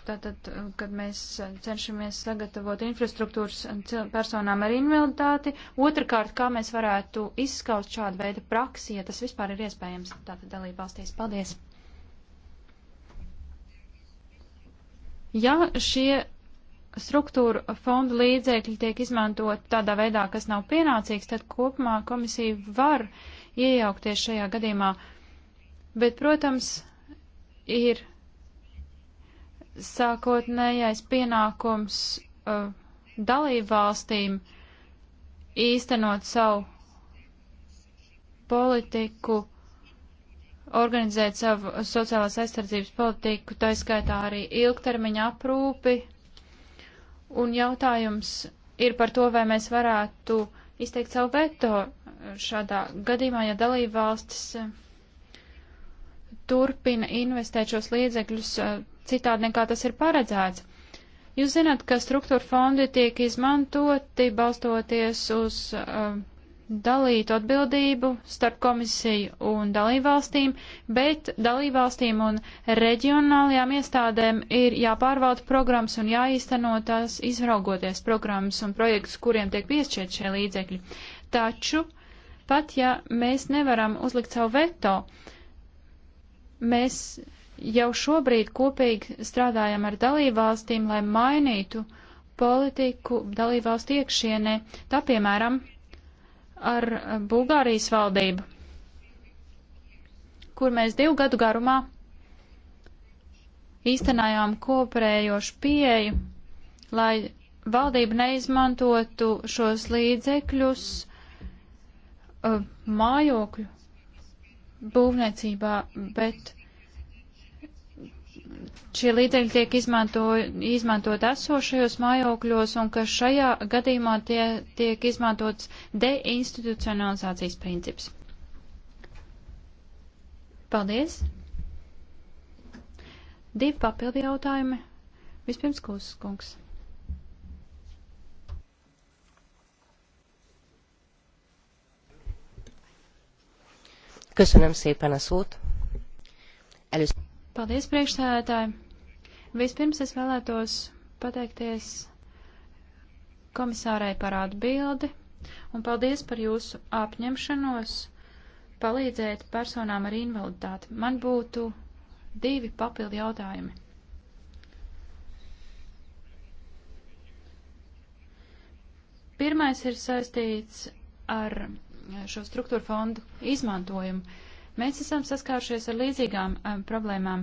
Tātad, eh, kad mēs cenšamies sagatavot infrastruktūras eh, personām ar invaliditāti, otrkārt, kā mēs varētu izskaust šādu veidu praksi, ja tas vispār ir iespējams, tātad dalībvalstīs. Paldies! Ja šie struktūra fondu līdzēkļi tiek izmantot tādā veidā, kas nav pienācīgs, tad kopumā komisija var iejaukties šajā gadījumā. Bet, protams, ir sākotnējais pienākums uh, dalībvalstīm īstenot savu politiku, organizēt savu sociālās aizsardzības politiku, tā skaitā arī ilgtermiņa aprūpi. Un jautājums ir par to, vai mēs varētu izteikt savu veto šādā gadījumā, ja dalībvalstis uh, turpina investēt šos līdzekļus uh, citādi nekā tas ir paredzēts. Jūs zināt, ka struktūra fondi tiek izmantoti balstoties uz uh, dalītu atbildību starp komisiju un dalībvalstīm, bet dalībvalstīm un reģionālajām iestādēm ir jāpārvalda programmas un jāīsteno tās izraugoties programmas un projektus, kuriem tiek piešķiet šie līdzekļi. Taču, pat ja mēs nevaram uzlikt savu veto, mēs jau šobrīd kopīgi strādājam ar dalībvalstīm, lai mainītu politiku dalībvalstu iekšienē, tā piemēram ar Bulgārijas valdību, kur mēs divu gadu garumā īstenājām kooperējošu pieeju, lai valdība neizmantotu šos līdzekļus uh, mājokļu būvniecībā, bet šie līdzekļi tiek izmanto, izmantot esošajos mājokļos un ka šajā gadījumā tie tiek izmantots deinstitucionalizācijas princips. Paldies! Divi papildi jautājumi. Vispirms Kūsas kungs. Köszönöm szépen a szót. Először. Paldies, priekšsēdētāji! Vispirms es vēlētos pateikties komisārai par atbildi un paldies par jūsu apņemšanos palīdzēt personām ar invaliditāti. Man būtu divi papildi jautājumi. Pirmais ir saistīts ar šo struktūra fondu izmantojumu. Mēs esam saskārušies ar līdzīgām um, problēmām.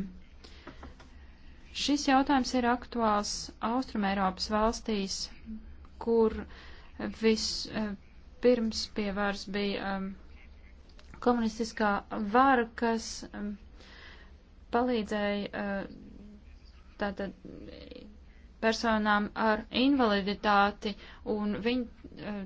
Šis jautājums ir aktuāls Austrumēropas valstīs, kur vispirms eh, pie varas bija um, komunistiskā vara, kas um, palīdzēja uh, tātad personām ar invaliditāti, un viņi uh,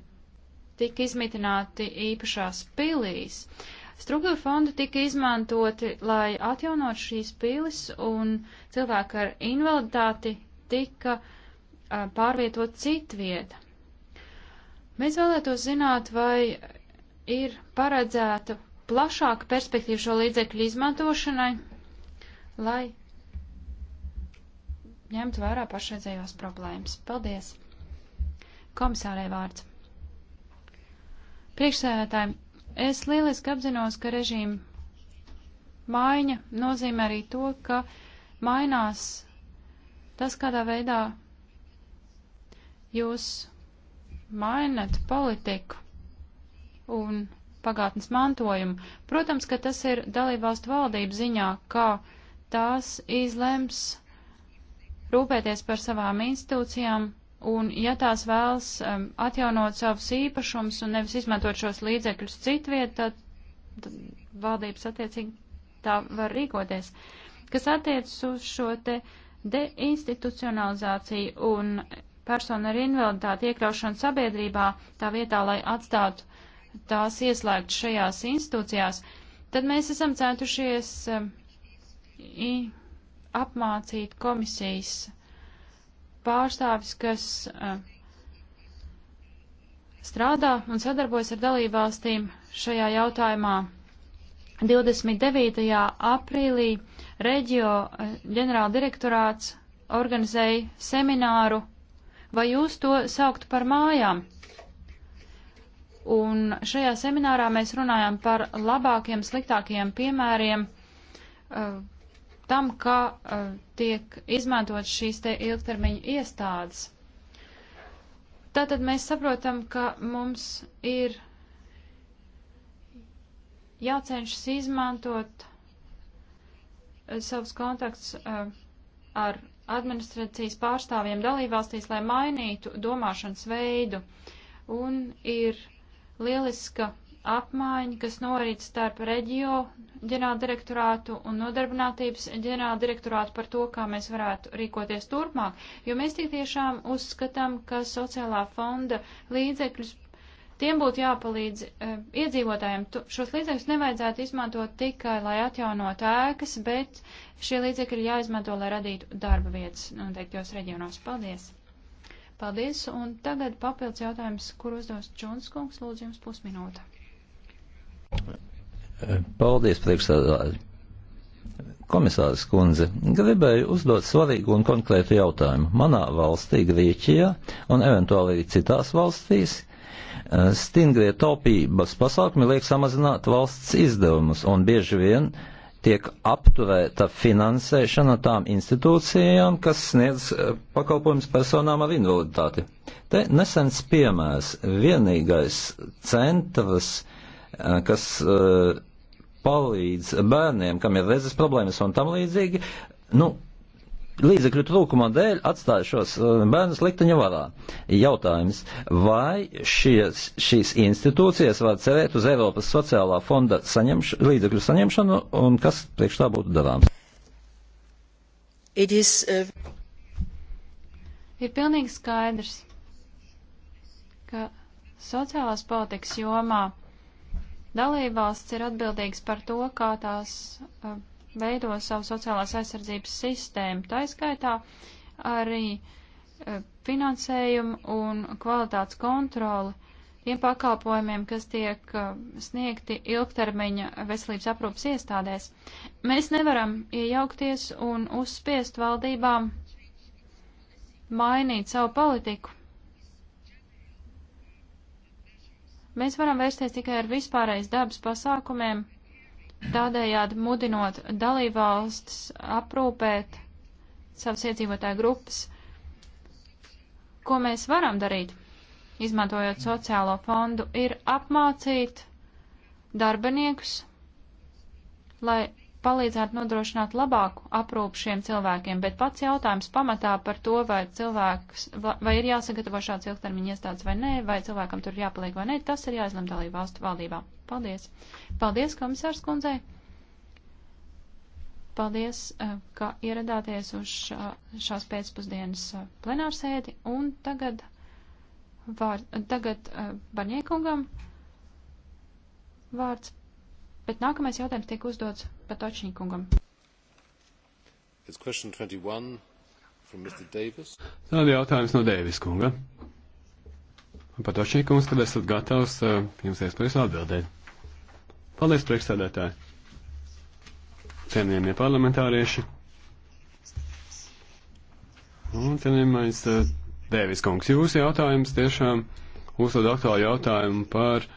tika izmitināti īpašās pilīs. Uh, Struktūra fondi tika izmantoti, lai atjaunot šīs pilis, un cilvēki ar invaliditāti tika uh, pārvietot citvieta. Mēs vēlētos zināt, vai ir paredzēta plašāka perspektīva šo līdzekļu izmantošanai, lai ņemtu vērā pašreizējās problēmas. Paldies! Komisārē vārds. Priekšsēdētājiem Es lieliski apzinos, ka režīma maiņa nozīmē arī to, ka mainās tas, kādā veidā jūs mainat politiku un pagātnes mantojumu. Protams, ka tas ir dalībvalstu valdību ziņā, kā tās izlems rūpēties par savām institūcijām, Un, ja tās vēlas um, atjaunot savus īpašumus un nevis izmantot šos līdzekļus citviet, tad, tad valdības attiecīgi tā var rīkoties. Kas attiecas uz šo te deinstitucionalizāciju un personu ar invaliditāti iekļaušanu sabiedrībā, tā vietā, lai atstātu tās ieslēgt šajās institūcijās, tad mēs esam centušies um, i, apmācīt komisijas pārstāvis, kas eh, strādā un sadarbojas ar dalībvalstīm šajā jautājumā. 29. aprīlī reģio eh, ģenerāla direktorāts organizēja semināru, vai jūs to sauktu par mājām? Un šajā seminārā mēs runājam par labākiem, sliktākiem piemēriem, eh, tam, kā uh, eh, tiek izmantot šīs te ilgtermiņu iestādes. Tātad mēs saprotam, ka mums ir jācenšas izmantot eh, savus kontaktus uh, ar administrācijas pārstāvjiem dalībvalstīs, lai mainītu domāšanas veidu. Un ir lieliska apmaiņa, kas norit starp reģio ģenerāldirektorātu un nodarbinātības ģenerāldirektorātu par to, kā mēs varētu rīkoties turpmāk, jo mēs tik tiešām uzskatām, ka sociālā fonda līdzekļus tiem būtu jāpalīdz e, iedzīvotājiem. Tu, šos līdzekļus nevajadzētu izmantot tikai, lai atjaunot ēkas, bet šie līdzekļi ir jāizmanto, lai radītu darba vietas noteiktos reģionos. Paldies! Paldies, un tagad papildus jautājums, kur uzdos Čunskungs, lūdzu jums pusminūte. Paldies, priekšstādātāji. Komisārs kundze, gribēju uzdot svarīgu un konkrētu jautājumu. Manā valstī, Grieķijā un eventuāli arī citās valstīs, eh, stingrie taupības pasākumi liek samazināt valsts izdevumus un bieži vien tiek apturēta finansēšana tām institūcijām, kas sniedz eh, pakalpojums personām ar invaliditāti. Te nesens piemērs, vienīgais centrs, uh, Eh, kas eh, palīdz bērniem, kam ir redzes problēmas un tam līdzīgi, nu, līdzekļu trūkuma dēļ atstāja šos eh, bērnus likteņa varā. Jautājums, vai šies, šīs institūcijas var cerēt uz Eiropas sociālā fonda saņemš, līdzekļu saņemšanu un kas priekš tā būtu darāms? Is, uh... Ir pilnīgi skaidrs, ka sociālās politikas jomā Dalībvalsts ir atbildīgs par to, kā tās uh, veido savu sociālās aizsardzības sistēmu, taiskaitā arī uh, finansējumu un kvalitātes kontroli tiem pakalpojumiem, kas tiek uh, sniegti ilgtermiņa veselības aprūpas iestādēs. Mēs nevaram iejaukties un uzspiest valdībām mainīt savu politiku. Mēs varam vērsties tikai ar vispārējais dabas pasākumiem, tādējādi mudinot dalībvalstis aprūpēt savas iedzīvotāju grupas. Ko mēs varam darīt, izmantojot sociālo fondu, ir apmācīt darbiniekus, lai palīdzētu nodrošināt labāku aprūpu šiem cilvēkiem, bet pats jautājums pamatā par to, vai cilvēks, vai ir jāsagatavo šāds ilgtermiņa iestādes vai nē, vai cilvēkam tur jāpaliek vai nē, tas ir jāizlem dalību valstu valdībā. Paldies. Paldies, komisārs kundzei. Paldies, eh, ka ieradāties uz šās pēcpusdienas eh, plenārsēdi. Un tagad, vār, tagad eh, Barņiekungam vārds Bet nākamais jautājums tiek uzdots Patočņikungam. Tāda jautājums no Dēvis kunga. Patočņikums, kad esat gatavs, eh, jums iespējas atbildēt. Paldies, priekšsēdētāji. Cienījamie parlamentārieši. Un cienījamais eh, Dēvis kungs, jūsu jautājums tiešām uzdod aktuālu jautājumu par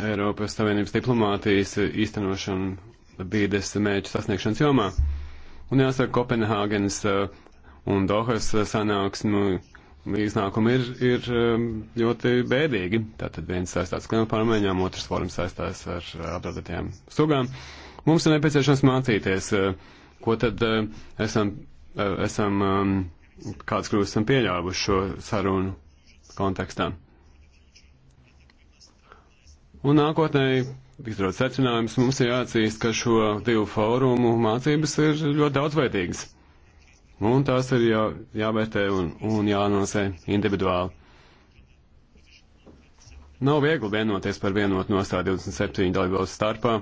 Eiropas Savienības diplomātijas īstenošanu bīdes mērķu sasniegšanas jomā. Un jāsaka, Kopenhāgenes eh, un Dohas eh, sanāksmu iznākumi ir, ir eh, ļoti bēdīgi. Tātad viens saistās klimata pārmaiņām, otrs forums saistās ar apdraudētajām sugām. Mums ir nepieciešams mācīties, ko tad esam, esam kāds kļūst esam pieļāvuši šo sarunu kontekstā. Un nākotnē, izdarot secinājumus, mums ir jāatzīst, ka šo divu fórumu mācības ir ļoti daudzveidīgas. Un tās ir jā, jāvērtē un, un jānosē individuāli. Nav viegli vienoties par vienotu nostāju 27 dalībvalstu starpā.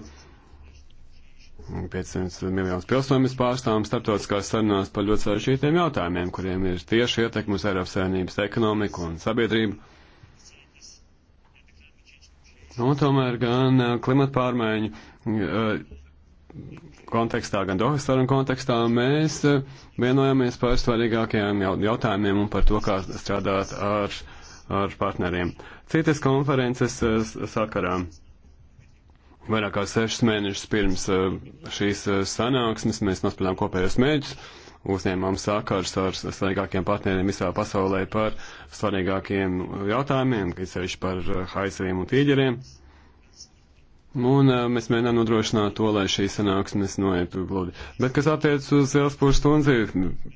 500 miljonus pilsonības pārstāvjums starptautiskās sarunās par ļoti sarežģītiem jautājumiem, kuriem ir tieši ietekmes Eiropas savienības ekonomiku un sabiedrību. Un nu, tomēr gan eh, klimata pārmaiņu eh, kontekstā, gan Dohastaram kontekstā mēs eh, vienojamies par svarīgākajiem jautājumiem un par to, kā strādāt ar, ar partneriem. Citas konferences sakarā. Vairāk kā sešas mēnešus pirms šīs sanāksmes mēs nospēlējām kopējos mēģus uzņēmām sākārs ar svarīgākiem partneriem visā pasaulē par svarīgākiem jautājumiem, kas sevišķi par haiseviem eh, un tīģeriem. Un eh, mēs mēģinām nodrošināt to, lai šī sanāksmes noietu gludi. Bet kas attiec uz Elspūru stundzi,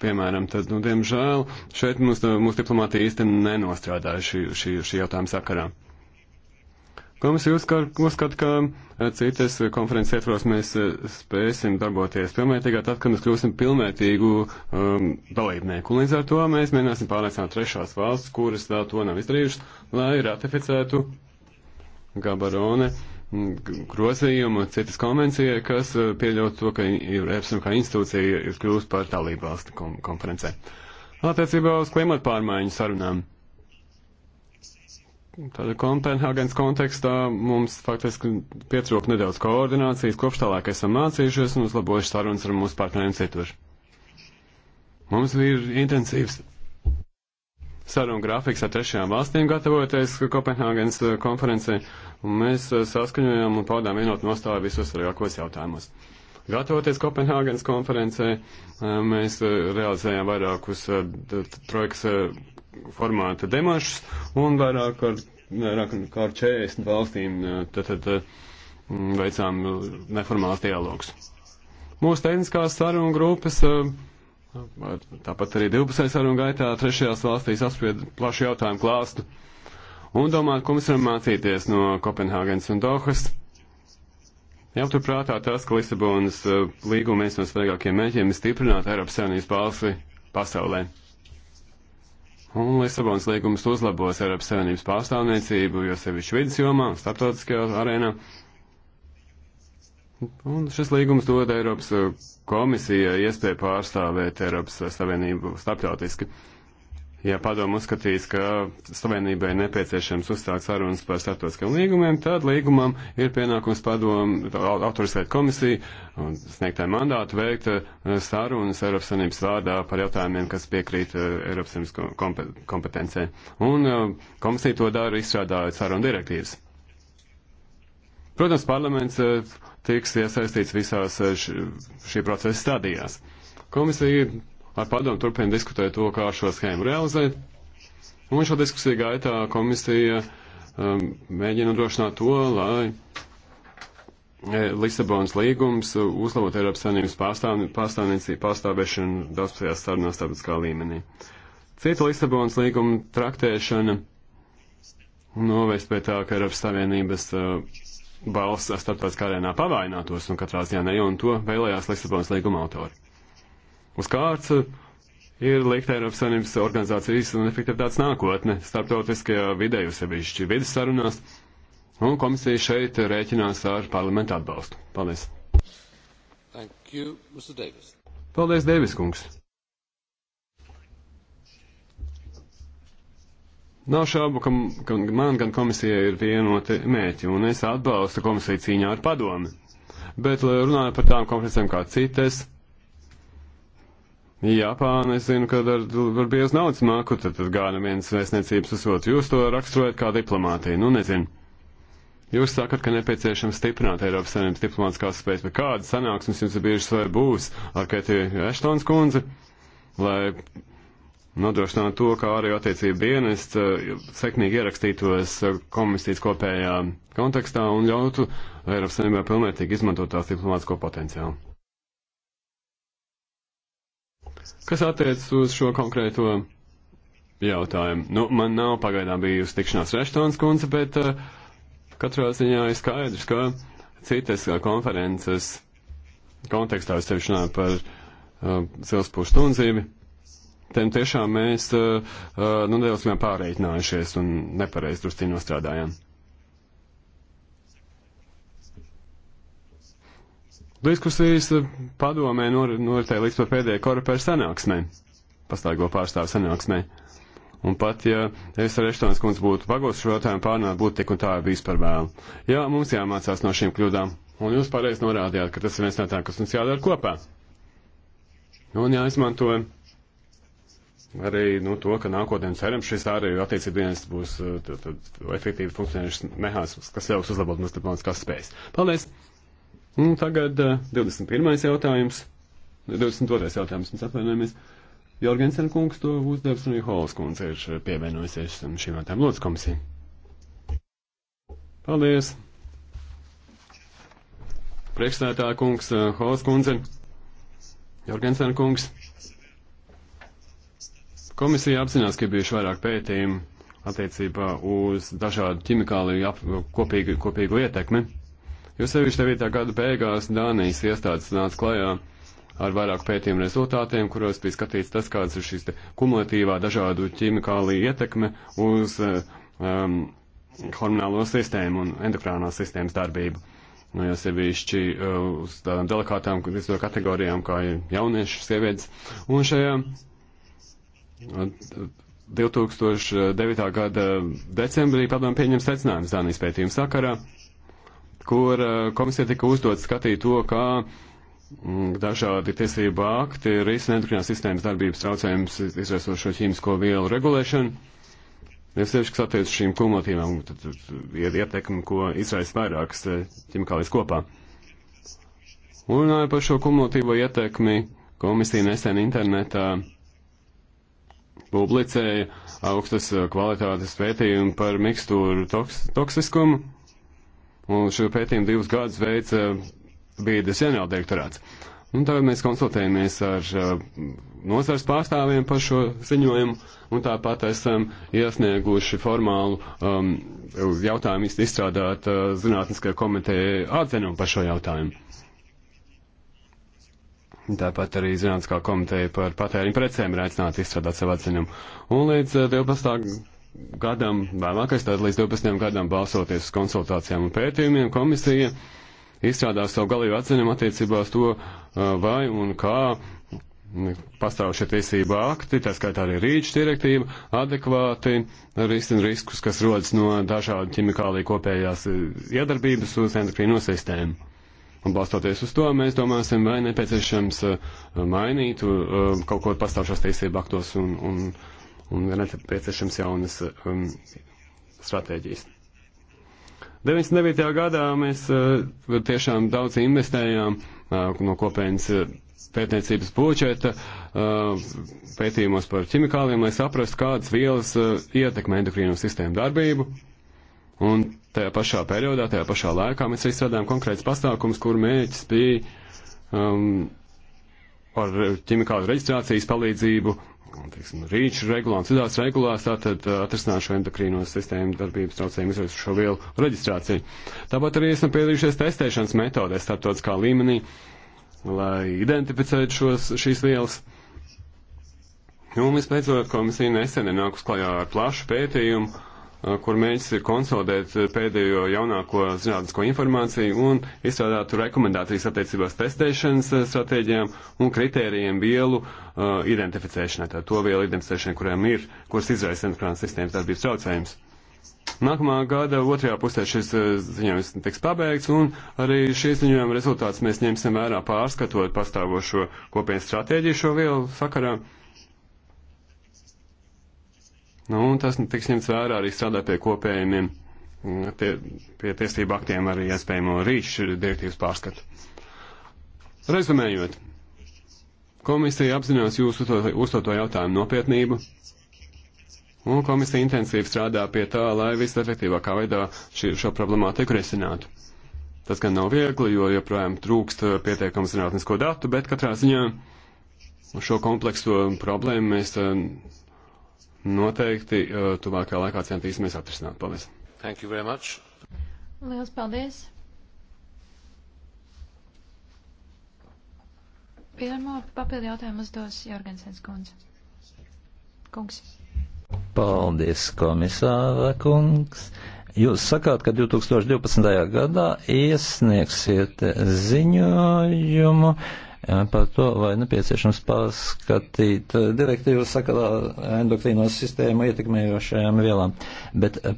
piemēram, tad, nu, diemžēl, šeit mūsu mūs diplomātija īsti nenostrādāja šī, šī, šī jautājuma sakarā. Komisija uzskata, uzskat, ka e, citas e, konferences ietvaros mēs e, spēsim darboties pilnvērtīgāk tad, kad mēs kļūsim pilnvērtīgu um, dalībnieku. Un līdz ar to mēs mēģināsim pārliecināt trešās valsts, kuras vēl to nav izdarījušas, lai ratificētu Gabarone grozījumu citas konvencijai, kas pieļaut to, ka Eiropas kā institūcija ir kļūst par dalību valsti konferencē. Attiecībā uz klimatu pārmaiņu sarunām. Tāda Kopenhāgenes kontekstā mums faktiski pietrūka nedaudz koordinācijas, kopš tālāk esam mācījušies un uzlabojuši sarunas ar mūsu partneriem citur. Mums ir intensīvs sarunu grafiks ar trešajām valstīm gatavoties Kopenhāgenes eh, konferencē, un mēs eh, saskaņojām un paudām vienotu nostāju visos svarīgākos jautājumos. Gatavoties Kopenhāgenes konferencē, eh, mēs realizējām vairākus trojkas formāta demaršus, un vairāk ar, vairāk kā ar 40 valstīm tad, tad, veicām neformāls dialogs. Mūsu tehniskās sarunu grupas, tāpat arī 12. sarunu gaitā, trešajās valstīs apspried plašu jautājumu klāstu un domāt, ko mēs varam mācīties no Kopenhāgenes un Dohas. Jāpaturprātā tas, ka Lisabonas līguma viens no svarīgākajiem mēģiem ir stiprināt Eiropas Savienības balsi pasaulē. Un Lisabonas līgums uzlabos Eiropas Savienības pārstāvniecību, jo sevišķi vidas jomā, starptautiskajā arēnā. Un šis līgums dod Eiropas uh, komisijai iespēju pārstāvēt Eiropas Savienību starptautiski. Uh, ja padomu uzskatīs, ka Slovenībai nepieciešams uzstāt sarunas par starptautiskiem līgumiem, tad līgumam ir pienākums padomu autorizēt komisiju un sniegtāju mandātu veikt eh, sarunas Eiropas Savienības vārdā par jautājumiem, kas piekrīt eh, Eiropas Savienības kompetencē. Un eh, komisija to dara izstrādājot sarunu direktīvas. Protams, parlaments tiks iesaistīts visās šī procesa stadijās. Komisija ar padomu turpina diskutēt to, kā šo schēmu realizēt. Un šo diskusiju gaitā komisija um, mēģina nodrošināt to, lai e, Lisabonas līgums uzlabot Eiropas Savienības pārstāvniecību pārstāvēšanu daudzpusējās sarunās starptautiskā līmenī. Cita Lisabonas līguma traktēšana novest pie tā, ka Eiropas Savienības e, balss starptautiskā arēnā pavainātos un katrā ziņā ne, un to vēlējās Lisabonas līguma autori uz kārts ir likt Eiropas Savienības organizācijas un efektivitātes nākotne starptautiskajā vidē, jo sevišķi vidas sarunās, un komisija šeit rēķinās ar parlamentu atbalstu. Paldies! Thank you, Mr. Davis. Paldies, Deivis kungs! Nav šaubu, ka, ka man gan komisija ir vienoti mēķi, un es atbalstu komisiju cīņā ar padomi. Bet runājot par tām konferencēm kā citas, Japāna, es zinu, ka ar, ar biezu naudas māku, tad, tad gāna viens vēstniecības uz otru. Jūs to raksturojat kā diplomātiju, nu nezinu. Jūs sakat, ka nepieciešams stiprināt Eiropas Savienības diplomātiskās spējas, bet kāda sanāksmes jums ir bijušas vai būs ar Keti Eštons kundzi, lai nodrošinātu to, kā arī attiecību dienests eh, sekmīgi ierakstītos eh, komisijas kopējā kontekstā un ļautu Eiropas Savienībā pilnvērtīgi izmantot tās diplomātisko potenciālu. Kas attiecas uz šo konkrēto jautājumu? Nu, man nav pagaidām bijusi tikšanās Reštons kundze, bet uh, katrā ziņā ir skaidrs, ka citas eh, konferences kontekstā es tevi runāju par uh, eh, cilvēku stundzību. Tam tiešām mēs, uh, uh, nu, nedaudz bijām pārreikinājušies un nepareizi tur stīno strādājām. Diskusijas eh, padomē noritēja līdz pat pēdējai korupēra sanāksmē, pastāgo pārstāvu sanāksmē. Un pat, ja es ar Eštānas kundzi būtu pagūst šo jautājumu pārnāt, būtu tik un tā bijis par vēlu. Jā, mums jāmācās no šīm kļūdām. Un jūs pareizi norādījāt, ka tas ir viens no tām, kas mums jādara kopā. Nu, un jāizmanto arī nu, to, ka nākotnē ceram šis ārēju attiecību dienas būs tad, eh, tad, efektīvi funkcionējušas mehānisms, kas ļaus uzlabot mūsu diplomatiskās spējas. Paldies! Un tagad uh, eh, 21. jautājums, 22. jautājums, mēs atvainojamies. Jorgensen kungs to uzdevs un Johovas eh, kungs ir pievienojusies eh, šīm jautājumam. Lūdzu, komisija. Paldies. Priekšstādā kungs, uh, Hovas kundze, Jorgensen kungs. Komisija apzinās, ka ir bijuši vairāk pētījumu attiecībā uz dažādu ķimikāliju kopīgu, kopīgu ietekmi. Jo sevišķi 9. gada beigās Dānijas iestādes nāca klajā ar vairāku pētījumu rezultātiem, kuros bija skatīts tas, kāds ir šis kumulatīvā dažādu ķīmikālija ietekme uz eh, um, hormonālo sistēmu un endokrānās sistēmas darbību. Nu, ja sevišķi uh, uz tādām delikātām kategorijām, kā jaunieši, sievietes. Un šajā 2009. Eh, gada decembrī padomu pieņem secinājums Dānijas pētījuma sakarā kur eh, komisija tika uzdot skatīt to, kā mm, dažādi tiesību akti risina endokrinās sistēmas darbības traucējumus izraisošo ķīmisko vielu regulēšanu. Es tieši, kas attiec šīm kumulatīvām, tad ir ietekmi, ko izraisa vairākas eh, ķimikālijas kopā. Un par šo kumulatīvo ietekmi komisija nesen internetā publicēja augstas eh, kvalitātes pētījumu par mikstūru toks, toksiskumu Un šo pētījumu divus gadus veica eh, bīdas ģenerāldirektorāts. Un tagad mēs konsultējamies ar eh, nozars pārstāvjiem par šo ziņojumu, un tāpat esam iesnieguši formālu um, jautājumu izstrādāt uh, zinātniskajai komitejai atzinumu par šo jautājumu. Tāpat arī Zinātniskā komiteja par patēriņu precēm ir aicināta izstrādāt savu atzinumu. Un līdz 12. Uh, gadam, vēlākais tātad līdz 12. gadam, balsoties uz konsultācijām un pētījumiem, komisija izstrādās savu galīgu atzinumu attiecībā uz to, vai un kā pastāv šie tiesība akti, tā skaitā arī rīču direktīva, adekvāti risina riskus, kas rodas no dažādu ķimikāliju kopējās iedarbības uz endokrīno sistēmu. Un balstoties uz to, mēs domāsim, vai nepieciešams mainīt kaut ko pastāvšos tiesību aktos un, un un ir nepieciešams jaunas um, stratēģijas. 99. gadā mēs uh, tiešām daudz investējām uh, no kopienas uh, pētniecības budžeta uh, pētījumos par ķimikāliem, lai saprastu, kādas vielas uh, ietekmē endokrīno sistēmu darbību. Un tajā pašā periodā, tajā pašā laikā mēs arī strādājām konkrēts pasākums, kur mērķis bija um, ar ķimikālu reģistrācijas palīdzību teiksim, rīču regulā un citās regulās, tātad atrisināt šo endokrīno sistēmu darbības traucējumu izraisušo vielu reģistrāciju. Tāpat arī esam piedalījušies testēšanas metodēs starptautiskā līmenī, lai identificētu šos, šīs vielas. Un, vispēcot, komisija nesen nākus klajā ar plašu pētījumu Uh, kur mērķis ir konsolidēt uh, pēdējo jaunāko zinātnisko informāciju un izstrādāt rekomendācijas attiecībās testēšanas uh, stratēģijām un kritērijiem vielu uh, identificēšanai, tā to vielu identificēšanai, kurām ir, kuras izraisa endokrāna sistēmas darbības traucējums. Nākamā gada otrajā pusē šis ziņojums tiks pabeigts, un arī šīs ziņojuma rezultāts mēs ņemsim vērā pārskatot pastāvošo kopienas stratēģiju šo vielu sakarā. Uh, Nu, un tas tiks ņemts vērā arī strādā pie kopējumiem, tie, mm, pie tiesību aktiem arī iespējamo rīšu direktīvas pārskatu. Rezumējot, komisija apzinās jūsu uzdoto jautājumu nopietnību, un komisija intensīvi strādā pie tā, lai visefektīvākā veidā šī, šo problemātiku risinātu. Tas gan nav viegli, jo joprojām trūkst pietiekams zinātnisko datu, bet katrā ziņā šo komplekso problēmu mēs noteikti uh, tuvākajā laikā centīsimies atrisināt. Paldies! Thank you very much! Liels paldies! Pirmo papildu jautājumu uzdos Jorgensens kundze. Kungs. Paldies, komisāra kungs. Jūs sakāt, ka 2012. gadā iesniegsiet ziņojumu par to, vai nepieciešams pārskatīt eh, direktīvu sakarā endokrīno sistēmu ietekmējošajām vielām. Bet eh,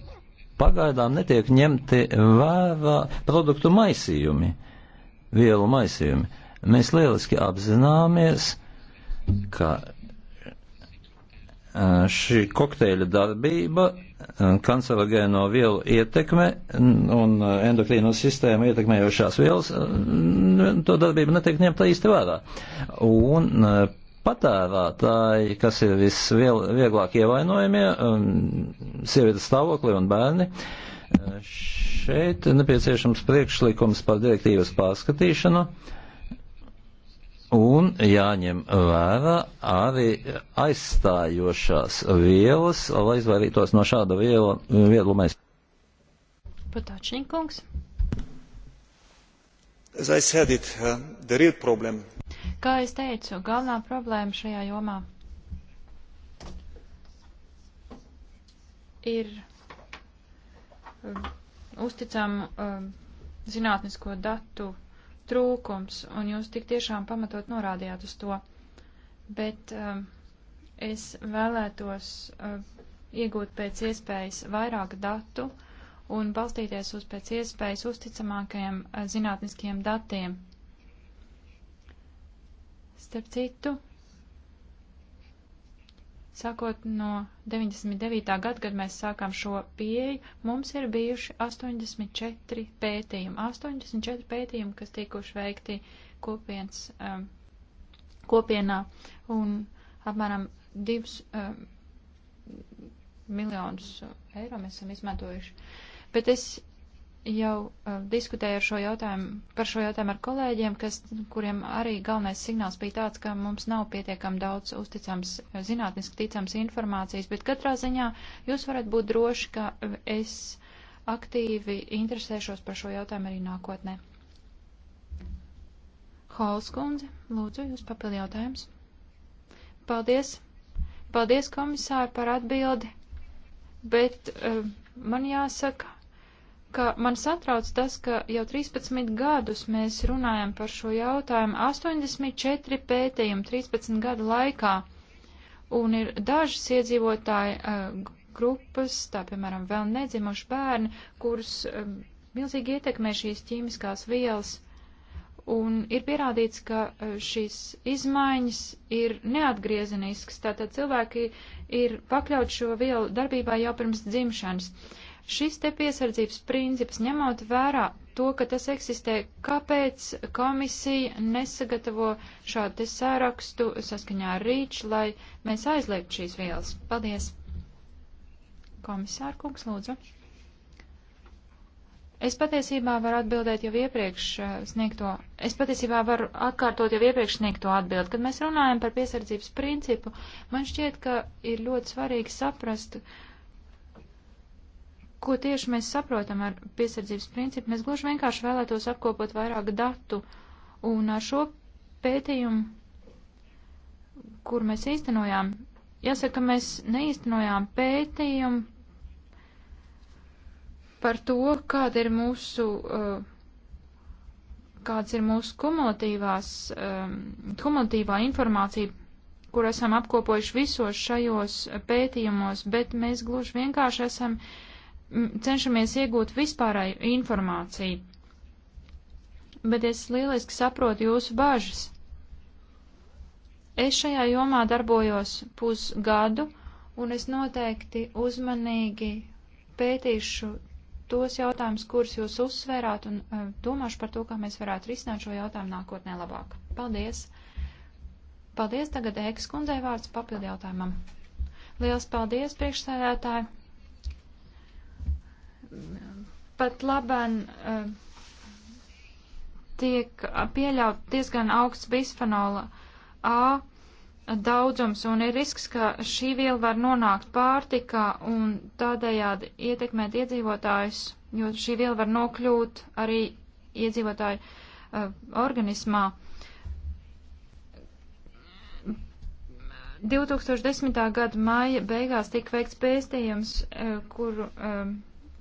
pagaidām netiek ņemti vērā produktu maisījumi, vielu maisījumi. Mēs lieliski apzināmies, ka eh, šī kokteļa darbība Eh, kancerogēno vielu ietekme un eh, endokrīno sistēmu ietekmējošās vielas, eh, to darbība netiek ņemta īsti vērā. Un patērētāji, kas ir visvieglāk ievainojamie, um, sievietes stāvokli un bērni, šeit nepieciešams priekšlikums par direktīvas pārskatīšanu Un jāņem vērā arī aizstājošās vielas, lai izvairītos no šāda viela, viegluma aiz. Patačņikungs. As I said it, uh, the real problem. Kā es teicu, galvenā problēma šajā jomā ir um, uzticama um, zinātnisko datu trūkums, un jūs tik tiešām pamatot norādījāt uz to. Bet um, es vēlētos um, iegūt pēc iespējas vairāk datu un balstīties uz pēc iespējas uzticamākajiem uh, zinātniskiem datiem. Starp citu, Sākot no 99. gada, kad mēs sākām šo pieeju, mums ir bijuši 84 pētījumi. 84 pētījumi, kas tikuši veikti kopiens, um, kopienā un apmēram 2 um, miljonus eiro mēs esam izmantojuši. Bet es jau uh, diskutēju ar šo jautājumu, par šo jautājumu ar kolēģiem, kas, kuriem arī galvenais signāls bija tāds, ka mums nav pietiekami daudz uzticams eh, zinātniski ticams informācijas, bet katrā ziņā jūs varat būt droši, ka eh, es aktīvi interesēšos par šo jautājumu arī nākotnē. Holskundze, lūdzu, jūs papildi jautājums. Paldies. Paldies komisāri par atbildi, bet uh, man jāsaka, ka man satrauc tas, ka jau 13 gadus mēs runājam par šo jautājumu 84 pētījumu 13 gadu laikā, un ir dažas iedzīvotāji uh, grupas, tā piemēram vēl nedzimuši bērni, kurus uh, milzīgi ietekmē šīs ķīmiskās vielas, un ir pierādīts, ka uh, šīs izmaiņas ir neatgriezenisks, tātad cilvēki ir pakļaut šo vielu darbībā jau pirms dzimšanas. Uh, Šis te piesardzības princips, ņemot vērā to, ka tas eksistē, kāpēc komisija nesagatavo šādu te sārakstu saskaņā ar rīču, lai mēs aizliegtu šīs vielas? Paldies! Komisārkungs, lūdzu. Es patiesībā varu atbildēt jau iepriekš uh, sniegto, es patiesībā varu atkārtot jau iepriekš sniegto atbildi. Kad mēs runājam par piesardzības principu, man šķiet, ka ir ļoti svarīgi saprast, uh, ko tieši mēs saprotam ar piesardzības principu. Mēs gluži vienkārši vēlētos apkopot vairāk datu, un ar šo pētījumu, kur mēs īstenojām, jāsaka, mēs neīstenojām pētījumu par to, kāda ir mūsu. Uh, kāds ir mūsu kumulatīvās, um, kumulatīvā informācija, kur esam apkopojuši visos šajos pētījumos, bet mēs gluži vienkārši esam uh, cenšamies iegūt vispārēju informāciju. Bet es lieliski saprotu jūsu bažas. Es šajā jomā darbojos pusgadu, un es noteikti uzmanīgi pētīšu tos jautājumus, kurus jūs uzsvērāt, un uh, domāšu par to, kā mēs varētu risināt šo jautājumu nākotnē labāk. Paldies! Paldies tagad Ēkas kundzei vārds papildu jautājumam. Liels paldies, priekšsēdētāji! pat labam eh, tiek pieļaut diezgan augsts bisfenola A daudzums un ir risks, ka šī viela var nonākt pārtikā un tādējādi ietekmēt iedzīvotājus, jo šī viela var nokļūt arī iedzīvotāju uh, organismā. 2010. gada maija beigās tika veikts pēstījums, uh, kuru uh,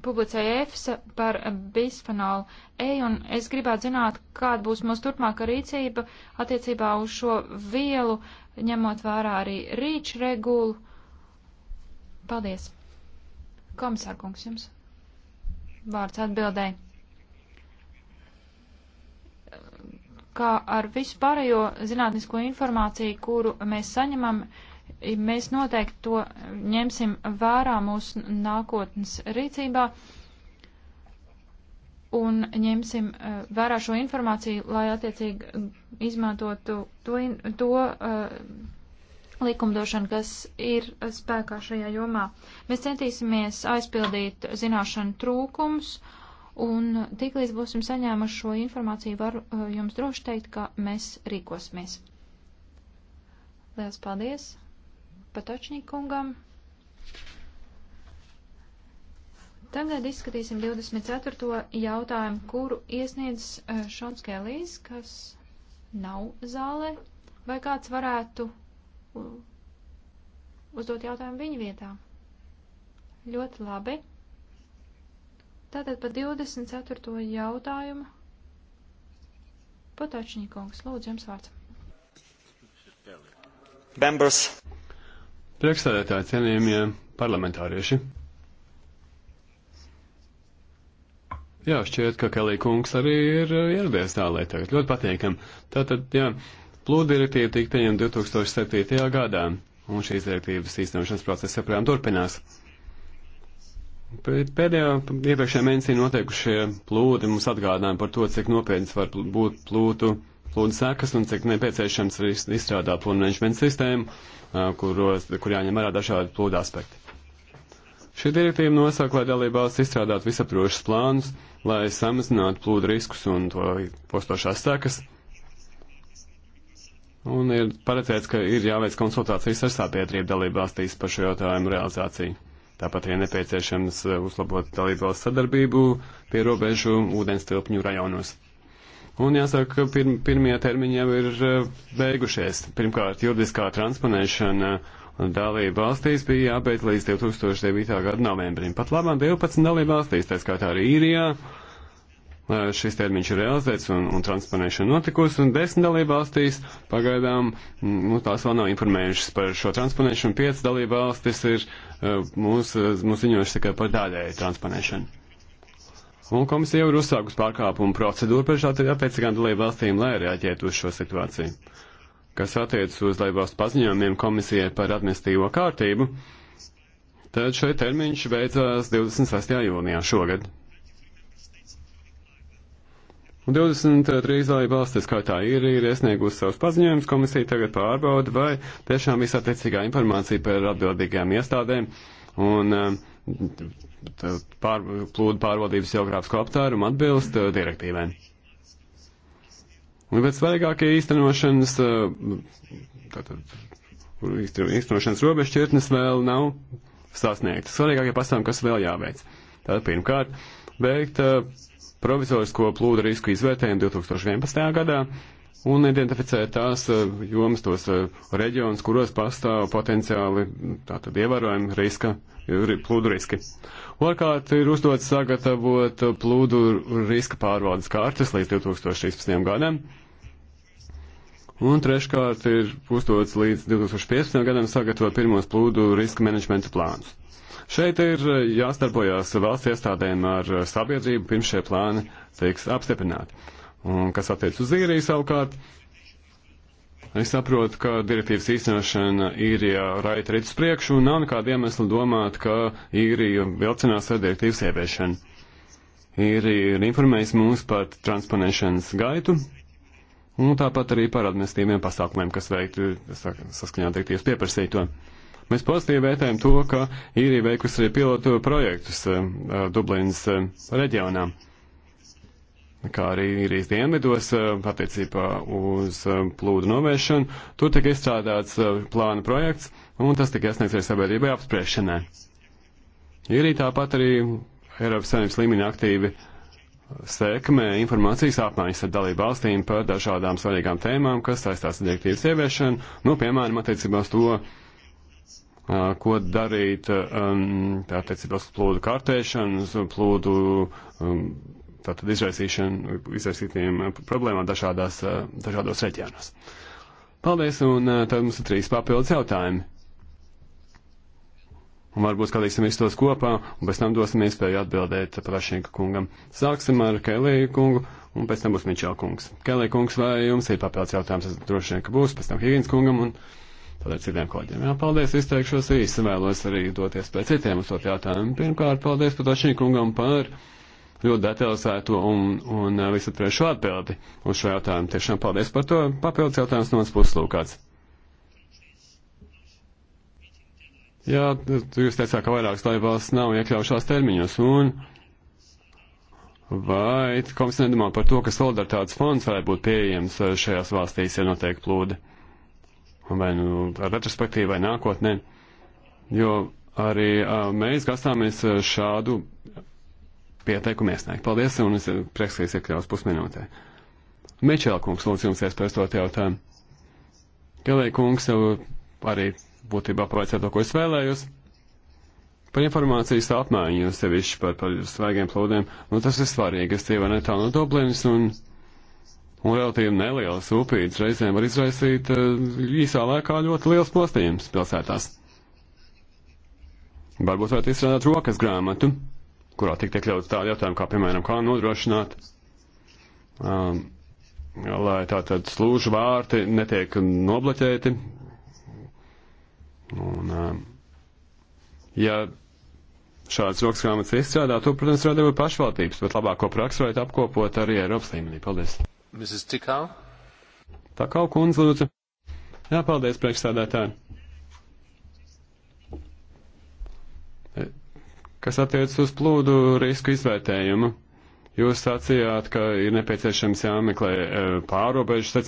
publicēja EFSA par bisfenolu E, un es gribētu zināt, kāda būs mūsu turpmāka rīcība attiecībā uz šo vielu, ņemot vērā arī rīču regulu. Paldies. Komisārkungs jums. Vārds atbildēja. Kā ar visu pārējo zinātnisko informāciju, kuru mēs saņemam, uh, mēs noteikti to ņemsim vērā mūsu nākotnes rīcībā un ņemsim eh, vērā šo informāciju, lai attiecīgi izmantotu to, to uh, likumdošanu, kas ir spēkā šajā jomā. Mēs centīsimies aizpildīt zināšanu trūkums, un tiklīdz būsim saņēmuši šo informāciju, varu uh, eh, jums droši teikt, ka mēs rīkosimies. Lielas paldies! Patočņikungam. Tagad izskatīsim 24. jautājumu, kuru iesniedz eh, Šons Kelijs, kas nav zālē. Vai kāds varētu uzdot jautājumu viņa vietā? Ļoti labi. Tātad par 24. jautājumu. Potočņikungs, lūdzu, jums vārds. Members. Priekšstādētāji, cienījamie parlamentārieši. Jā, šķiet, ka Kelī kungs arī ir ieradies tālē tagad. Ļoti patīkam. Tātad, jā, plūdu direktīva tika pieņemta 2007. gadā, un šīs direktīvas īstenošanas process joprojām turpinās. Pēdējā iepriekšējā mēnesī notiekušie plūdi mums atgādināja par to, cik nopietns var būt plūdu plūdu sekas un cik nepieciešams ir izstrādāt plūdu menedžmenta sistēmu, kuros, kur jāņem vērā dažādi plūdu aspekti. Šī direktīva nosaka, lai dalībvalsts izstrādātu visaptrošas plānus, lai samazinātu plūdu riskus un to postošās sekas. Un ir paredzēts, ka ir jāveic konsultācijas ar sāpietrību dalībvalstīs par šo jautājumu realizāciju. Tāpat ir nepieciešams uzlabot dalībvalsts sadarbību pie robežu ūdens tilpņu rajonos. Un jāsaka, ka pirm, pirmie termiņi jau ir eh, beigušies. Pirmkārt, juridiskā transponēšana dalība valstīs bija jābeidz līdz 2009. gada novembrim. Pat labāk 12 dalība valstīs, tā skaitā arī īrijā. Eh, šis termiņš ir realizēts un, un transponēšana notikusi, un desmit dalība valstīs pagaidām mm, nu, tās vēl nav informējušas par šo transponēšanu. Pieci dalība valstis ir eh, mūs, mūs ziņojuši tikai par daļēju transponēšanu. Un komisija jau ir uzsākus pārkāpumu procedūru par šādu attiecīgām dalību valstīm, lai reaģētu uz šo situāciju. Kas attiecas uz dalību valstu paziņojumiem komisijai par administīvo kārtību, tad šeit termiņš beidzās 26. jūnijā šogad. Un 23 dalību valstis, kā tā ir, ir iesniegusi savus paziņojumus, komisija tagad pārbauda, vai tiešām visattiecīgā informācija par atbildīgajām iestādēm un uh, pār, plūdu pārvaldības geogrāfisko aptvērumu atbilst uh, direktīvai. Un pēc svarīgākie īstenošanas, uh, tātad, īstenošanas robežšķirtnes vēl nav sasniegtas. Svarīgākie pasākumi, kas vēl jāveic. Tātad pirmkārt, veikt uh, provizorisko plūdu risku izvērtējumu 2011. gadā un identificēt tās eh, jomas, tos eh, reģionus, kuros pastāv potenciāli tātad ievērojami riska, plūdu riski. Otrkārt ir uzdots sagatavot plūdu riska pārvaldes kartes līdz 2016. gadam. Un treškārt ir uzdots līdz 2015. gadam sagatavot pirmos plūdu riska menedžmenta plānus. Šeit ir eh, jāstarpojās valsts iestādēm ar sabiedrību, pirms šie plāni tiks apstiprināti. Un, kas attiec uz īriju savukārt, es saprotu, ka direktīvas īstenošana īrijā raita rīt uz priekšu un nav nekāda iemesla domāt, ka īrija vilcinās ar direktīvas ieviešanu. Īrija ir informējusi mūs par transponēšanas gaitu un tāpat arī par administīviem pasākumiem, kas veikti saskaņā direktīvas pieprasīto. Mēs pozitīvi vērtējam to, ka īrija veikusi arī pilotu projektus eh, Dublīnas eh, reģionā kā arī īrijas dienvidos eh, attiecībā uz eh, plūdu novēršanu. Tur tika izstrādāts eh, plāna projekts, un tas tika iesniegts arī sabiedrībai apspriešanai. Īrija tāpat arī Eiropas Savienības līmenī aktīvi sekmē informācijas apmaiņas ar dalību valstīm par dažādām svarīgām tēmām, kas saistās ar direktīvas ieviešanu, nu, piemēram, attiecībā uz to, ko darīt, tā attiecībā uz plūdu kartēšanu, uz plūdu um, tātad izraisīšanu, izraisītiem problēmām dažādās, eh, dažādos reģionos. Paldies, un eh, tad mums ir trīs papildus jautājumi. Un varbūt skatīsimies tos kopā, un pēc tam dosim iespēju atbildēt Prašinka kungam. Sāksim ar Kelija kungu, un pēc tam būs Mičela kungs. Kelija kungs, vai jums ir papildus jautājums? Es droši vien, ka būs, pēc tam Higgins kungam, un tad ar citiem kolēģiem. Jā, paldies, izteikšos īsi, vēlos arī doties pēc citiem uz to jautājumu. Pirmkārt, paldies Prašinka kungam par. par ļoti detalizēto un, un uh, visaptvērošu atbildi uz šo jautājumu. Tiešām paldies par to. Papildus jautājums no mans puses lūkāts. Jā, jūs teicāt, ka vairākas dalībvalstis nav iekļaujušās termiņos, un vai komisija nedomā par to, ka solidaritātes fonds varētu būt pieejams uh, šajās valstīs, ja notiek plūdi? Vai nu retrospektīvi vai nākotnē? Jo arī a, uh, mēs gastāmies šādu pieteikumu iesniegt. Paldies, un es eh, prieks, ka es iekļaus pusminūtē. Mičēla kungs, lūdzu jums iespējas to jautājumu. Gelēja kungs jau arī būtībā pavaicā to, ko es vēlējos. Par informācijas apmaiņu, jo sevišķi par, par svaigiem plūdiem, nu tas ir svarīgi, es dzīvoju netālu no Dublinas, un, un relatīvi nelielas upītes reizēm var izraisīt eh, īsā laikā ļoti liels postījums pilsētās. Varbūt varētu izstrādāt rokas grāmatu kurā tiek iekļauts tādi jautājumi, kā, piemēram, kā nodrošināt, um, lai tātad slūžu vārti netiek nobloķēti. Un, um, ja šāds rokasgrāmatas izstrādā, to, protams, rada jau pašvaldības, bet labāko praksu varētu apkopot arī Eiropas līmenī. Paldies. Mrs. Tikau. Tā kā kundze, lūdzu. Jā, paldies, priekšstādātāji kas attiecas uz plūdu risku izvērtējumu. Jūs sacījāt, ka ir nepieciešams jāmeklē e, pārobežu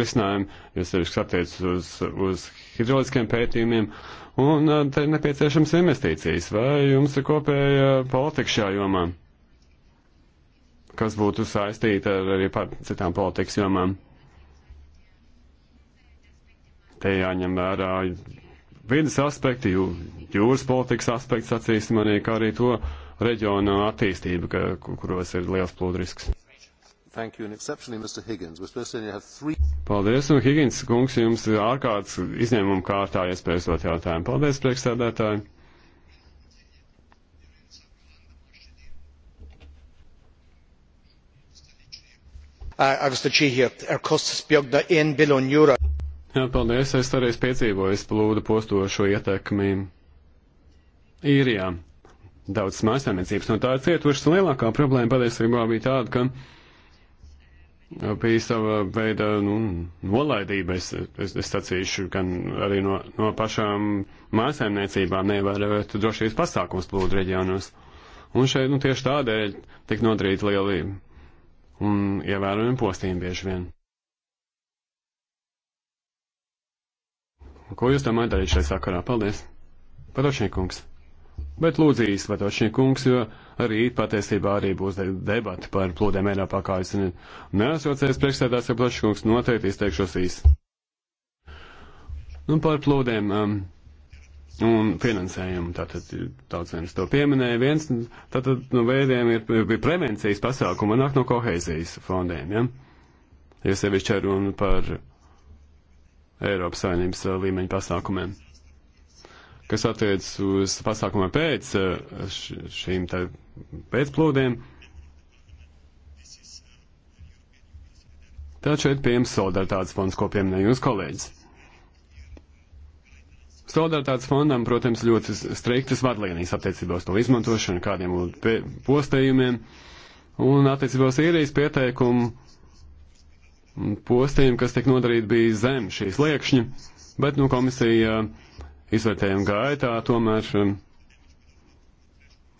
risinājumi, jo sevišķi attiecas uz, uz hidroliskiem pētījumiem, un e, te ir nepieciešams investīcijas. Vai jums ir kopēja politika šajā jomā, kas būtu saistīta ar arī par citām politikas jomām? Te jāņem vērā vidas aspekti, jūras politikas aspekts, acīsim manī, kā arī to reģiona attīstība, ka, kuros ir liels plūdrisks. Three... Paldies, un Higgins kungs, jums ir ārkārtas izņēmuma kārtā iespējas dot jautājumu. Paldies, priekšsēdētāji! agus uh, uh, tá tír ar costas beagna aon billiún euro. Jā, paldies. Es arī piedzīvoju plūdu postošo ietekmi īrijā. Daudz mājasēmniecības no tā ir cietušas. Lielākā problēma patiesībā bija tāda, ka bija sava veida nu, nolaidība, es, es, es sacīšu, gan arī no, no pašām mājasēmniecībām nevērot drošības pasākums plūdu reģionos. Un šeit nu, tieši tādēļ tik nodarīti lieli un ievērojami postījumi bieži vien. Ko jūs domājat arī šai sakarā? Paldies! Patošņiekungs! Bet lūdzu īsti Patošņiekungs, jo arī patiesībā arī būs debati par plūdiem Eiropā, kā jūs zināt. Nesaucējis priekšsēdās, ja Patošņiekungs noteikti izteikšos īsti. Nu, par plūdiem. Um, un finansējumu. Tātad daudziem to pieminēja. Viens tātad, no veidiem ir, ir prevencijas pasākuma, nāk no kohēzijas fondiem. Ja? Es sevišķi ar un par Eiropas Savienības eh, līmeņa pasākumiem. Kas attiecas uz pasākumiem pēc eh, šīm pēcplūdiem, tad šeit pieejams solidaritātes fonds, ko pieminēja jūs kolēģis. Solidaritātes fondam, protams, ļoti striktas vadlīnijas attiecībā uz to izmantošanu, kādiem postējumiem, un attiecībā uz īrijas pieteikumu postījumi, kas tiek nodarīti, bija zem šīs liekšņa, bet nu, komisija uh, izvērtējuma gaitā tomēr, um,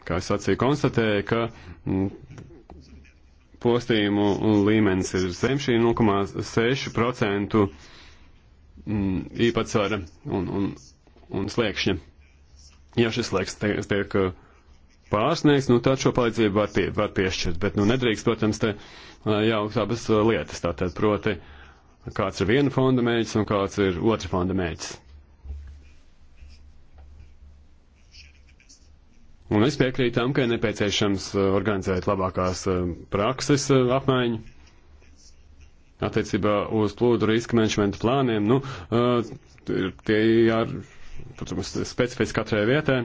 kā es sacīju, konstatēja, ka mm, postījumu līmenis ir zem šī 0,6% mm, īpatsvara un, un, un sliekšņa. Ja šis slieksnis tiek, tiek uh, pārsniegs, nu tad šo palīdzību var, pie, var piešķirt, bet nu nedrīkst, protams, te jaukt abas lietas, tātad proti, kāds ir viena fonda mēģis un kāds ir otra fonda mēģis. Un es piekrītu tam, ka ir nepieciešams organizēt labākās prakses apmaiņu attiecībā uz plūdu riska menedžmenta plāniem. Nu, tie ir, protams, specifiski katrai vietai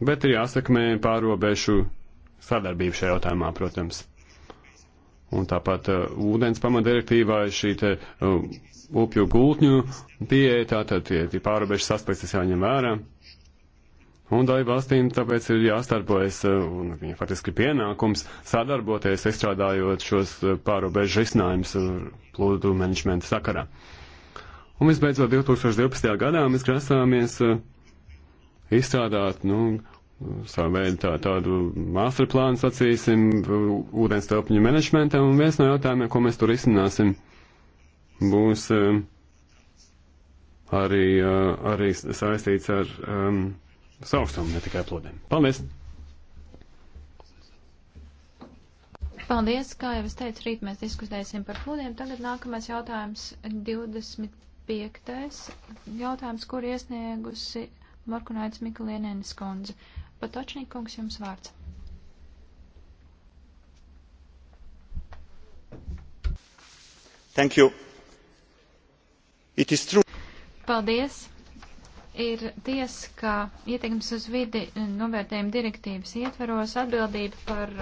bet ir jāsakmē pārobežu sadarbību šajā jautājumā, protams. Un tāpat uh, ūdens pamatdirektīvā ir šī te uh, upju gultņu pieeja, tātad tie, tie pārobežas aspekti jāņem vērā. Un dalību valstīm tāpēc ir jāstarbojas, uh, un viņa faktiski pienākums sadarboties, izstrādājot šos uh, pārobežu risinājumus uh, plūdu menedžmenta sakarā. Un visbeidzot, 2012. gadā mēs grasāmies uh, izstrādāt, nu, savu veidu tā, tādu masterplānu, sacīsim, ūdens telpņu menedžmentam, un viens no jautājumiem, ko mēs tur izcināsim, būs um, arī, uh, arī saistīts ar um, saukstumu, ne tikai plodiem. Paldies! Paldies, kā jau es teicu, rīt mēs diskutēsim par plūdiem. Tagad nākamais jautājums 25. jautājums, kur iesniegusi Morkunaits Mikulienenes kundze. Patočnīkungs jums vārds. Thank you. It is true. Paldies. Ir tiesa, ka ietekmes uz vidi novērtējuma direktīvas ietveros atbildība par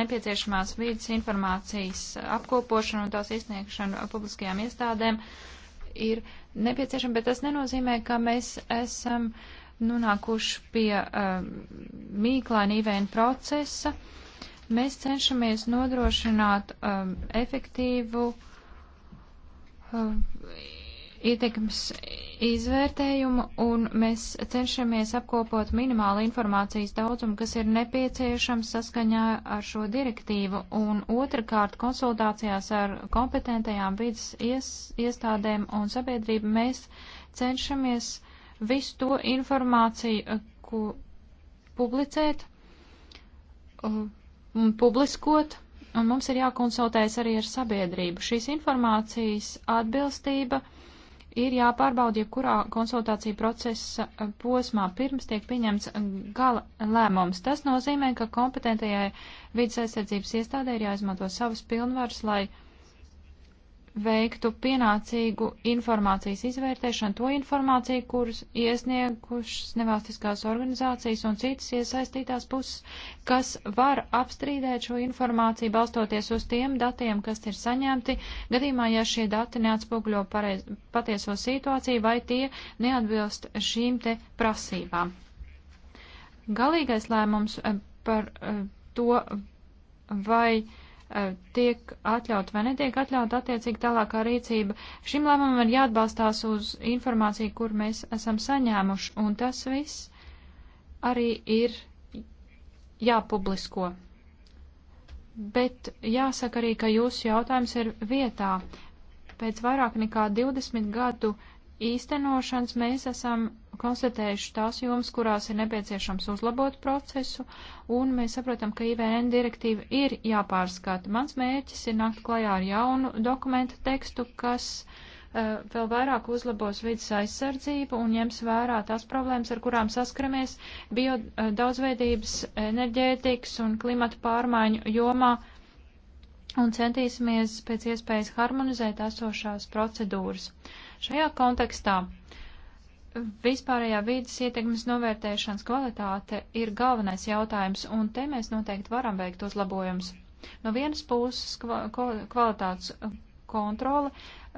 nepieciešamās vidas informācijas apkopošanu un tās izsniegšanu publiskajām iestādēm ir nepieciešama, bet tas nenozīmē, ka mēs esam uh, nonākuši nu, pie uh, mīklaina īvēna procesa, mēs cenšamies nodrošināt um, efektīvu uh, ietekmes izvērtējumu, un mēs cenšamies apkopot minimālu informācijas daudzumu, kas ir nepieciešams saskaņā ar šo direktīvu, un otrkārt konsultācijās ar kompetentajām vidas ies, iestādēm un sabiedrību mēs cenšamies visu to informāciju, eh, ko publicēt eh, un publiskot, un mums ir jākonsultējas arī ar sabiedrību. Šīs informācijas atbilstība ir jāpārbauda jebkurā konsultācija procesa eh, posmā, pirms tiek pieņemts gala lēmums. Tas nozīmē, ka kompetentajai vidas aizsardzības iestādē ir jāizmanto savas pilnvaras, lai veiktu pienācīgu informācijas izvērtēšanu, to informāciju, kuras iesniegušas nevalstiskās organizācijas un citas iesaistītās puses, kas var apstrīdēt šo informāciju balstoties uz tiem datiem, kas ir saņemti, gadījumā, ja šie dati neatspoguļo pareiz, patieso situāciju vai tie neatbilst šīm te prasībām. Galīgais lēmums eh, par eh, to, vai Eh, tiek atļaut vai netiek atļaut attiecīgi tālākā rīcība. Šim lēmumam ir jāatbalstās uz informāciju, kur mēs esam saņēmuši, un tas viss arī ir jāpublisko. Bet jāsaka arī, ka jūsu jautājums ir vietā. Pēc vairāk nekā 20 gadu īstenošanas mēs esam konstatējuši tās jomas, kurās ir nepieciešams uzlabot procesu, un mēs saprotam, ka IVN direktīva ir jāpārskata. Mans mērķis ir nākt klajā ar jaunu dokumentu tekstu, kas uh, vēl vairāk uzlabos vidas aizsardzību un ņems vērā tās problēmas, ar kurām saskaramies bio uh, daudzveidības, enerģētikas un klimata pārmaiņu jomā, un centīsimies pēc iespējas harmonizēt esošās procedūras. Uh, Šajā kontekstā vispārējā vīdes ietekmes novērtēšanas kvalitāte ir galvenais jautājums, un te mēs noteikti varam veikt uzlabojumus. No vienas puses kvalitātes kontrole,